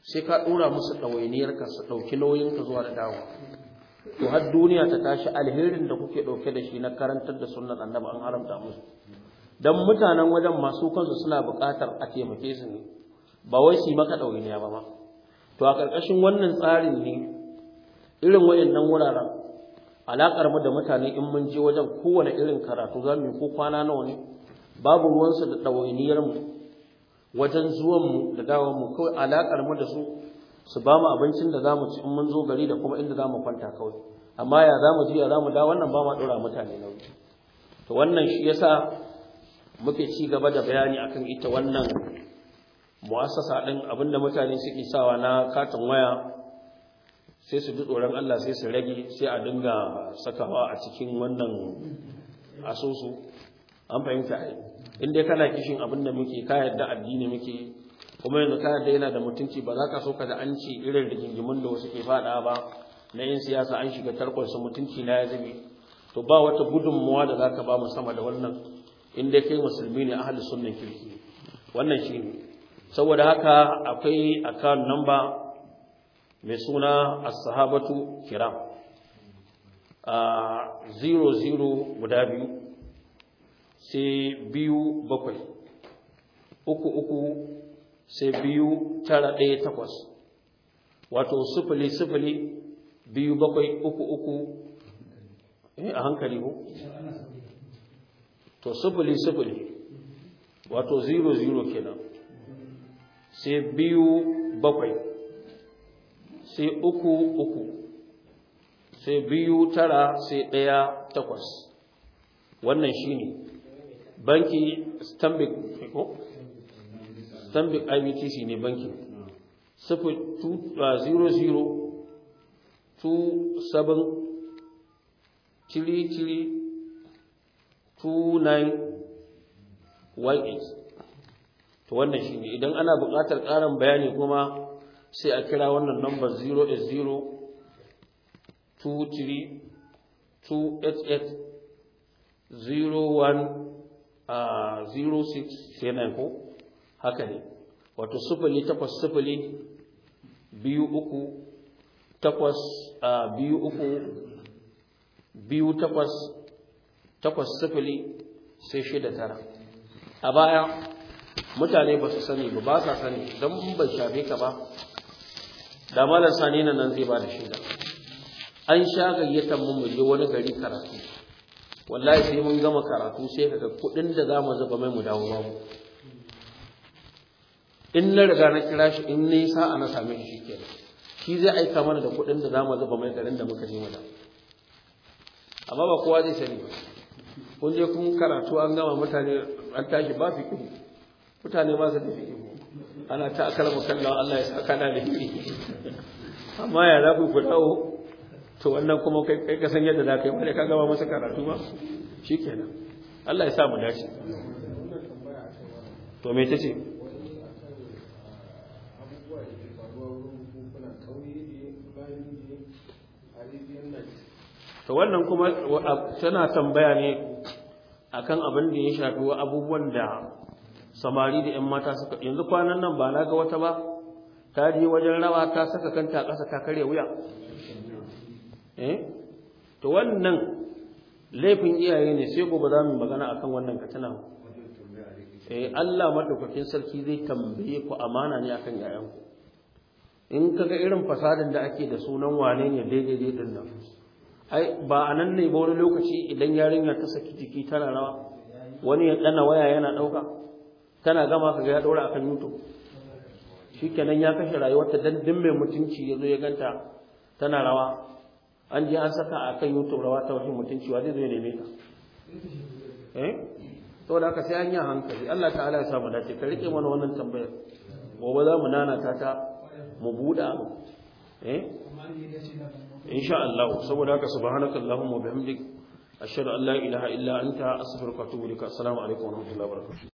sai ka ɗora musu ɗawainiyarka su ɗauki nauyinka zuwa da dawa to har duniya ta tashi alherin da kuke ɗauke da shi na karantar da sunan annabi an haramta musu dan mutanen wajen masu kansu suna buƙatar a taimake su ne ba wai su maka ɗawainiya ba ma to a ƙarƙashin wannan tsarin ne irin wayannan wuraren alaƙar mu da mutane in mun je wajen kowane irin karatu za mu yi ko kwana nawa ne babu ruwansa da ɗawainiyar mu wajen zuwan mu da dawon mu kawai alaƙar mu da su su ba mu abincin da mu ci in mun zo gari da kuma inda mu kwanta kawai amma ya za mu ji ya mu da wannan ba ma dora mutane nauyi to wannan shi yasa muke ci gaba da bayani akan ita wannan mu'assasa din abinda mutane suke sawa na katin waya sai su ji tsoron Allah sai su rage sai a dinga sakawa a cikin wannan asusu an fahimta ai in dai kana kishin abinda muke ka yadda addini muke kuma yanzu kana da yana da mutunci ba za ka so ka da an ci irin rigingimin da wasu ke faɗa ba na yin siyasa an shiga tarkonsa mutunci na ya zube to ba wata gudunmuwa da za ka ba mu sama da wannan in dai kai musulmi ne ahalin sunnan kirki wannan shi ne. saboda haka akwai account number mai suna a sahabatu kiram a 00 guda biyu sai biyu bakwai uku uku sai biyu tara ɗaya takwas wato sufuli sufuli biyu bakwai uku uku eh a hankali ko to sufuli sufuli wato zero zero kenan sai biyu bakwai sai uku uku sai biyu tara sai ɗaya takwas wannan shi ne banki stambik stanbic ibtc ne bankin 0027332918 ah, to wannan shi ne idan ana buƙatar ƙarin bayani kuma sai a kira wannan number 08023 haka ne wato sufuli takwas sufuli biyu uku takwas a biyu uku biyu takwas takwas sufuli sai shida tara a baya mutane ba su sani ba ba sa sani don ban shafe ka ba da malar sani na nan zai ba da shida an sha gayyatar mu mu je wani gari karatu wallahi sai mun gama karatu sai kaga kuɗin da za mu zuba mai mu dawo babu in na riga na kira shi in ne sa'a na same shi kenan shi zai aika mana da kuɗin da zamu zuba mai garin da muka je mana amma ba kowa zai sani ba kun je kun karatu an gama mutane an tashi ba kudi mutane ba su da fiƙi ana ta akala musallan Allah ya saka da fiƙi amma ya za ku ku dawo to wannan kuma kai ka san yadda za ka yi wani ka gama masa karatu ba shi kenan Allah ya sa mu dace to me ta ce to wannan kuma tana tambaya ne akan abin da ya shafi wa abubuwan da samari da 'yan mata suka yanzu kwanan nan ba na ga wata ba ta je wajen rawa ta saka kanta ƙasa ta karya wuya eh? to wannan laifin iyaye ne sai gobe za mu magana akan wannan katina eh Allah madaukakin sarki zai tambaye ku amana ne akan yayanku in kaga irin fasadin da ake da sunan wane ne daidai din nan ai ba a nan ne ba wani lokaci idan yarinya ta saki jiki tana rawa wani ya dana waya yana dauka tana gama kaga ya daura akan youtube shikenan ya kashe rayuwarta dan din mai mutunci ya zo ya ganta tana rawa an je an saka akan youtube rawa ta wani mutunci wa zai zo ya neme ka eh to da ka sai an yi hankali Allah ta'ala ya samu dace ka rike mana wannan tambayar gobe za mu nana ta ta mu buɗa in eh? insha Allah saboda haka subhanakallahumma wa bihamdik ashhadu an la ilaha illa anta astaghfiruka wa atubu ilaik assalamu alaikum wa rahmatullahi wa barakatuh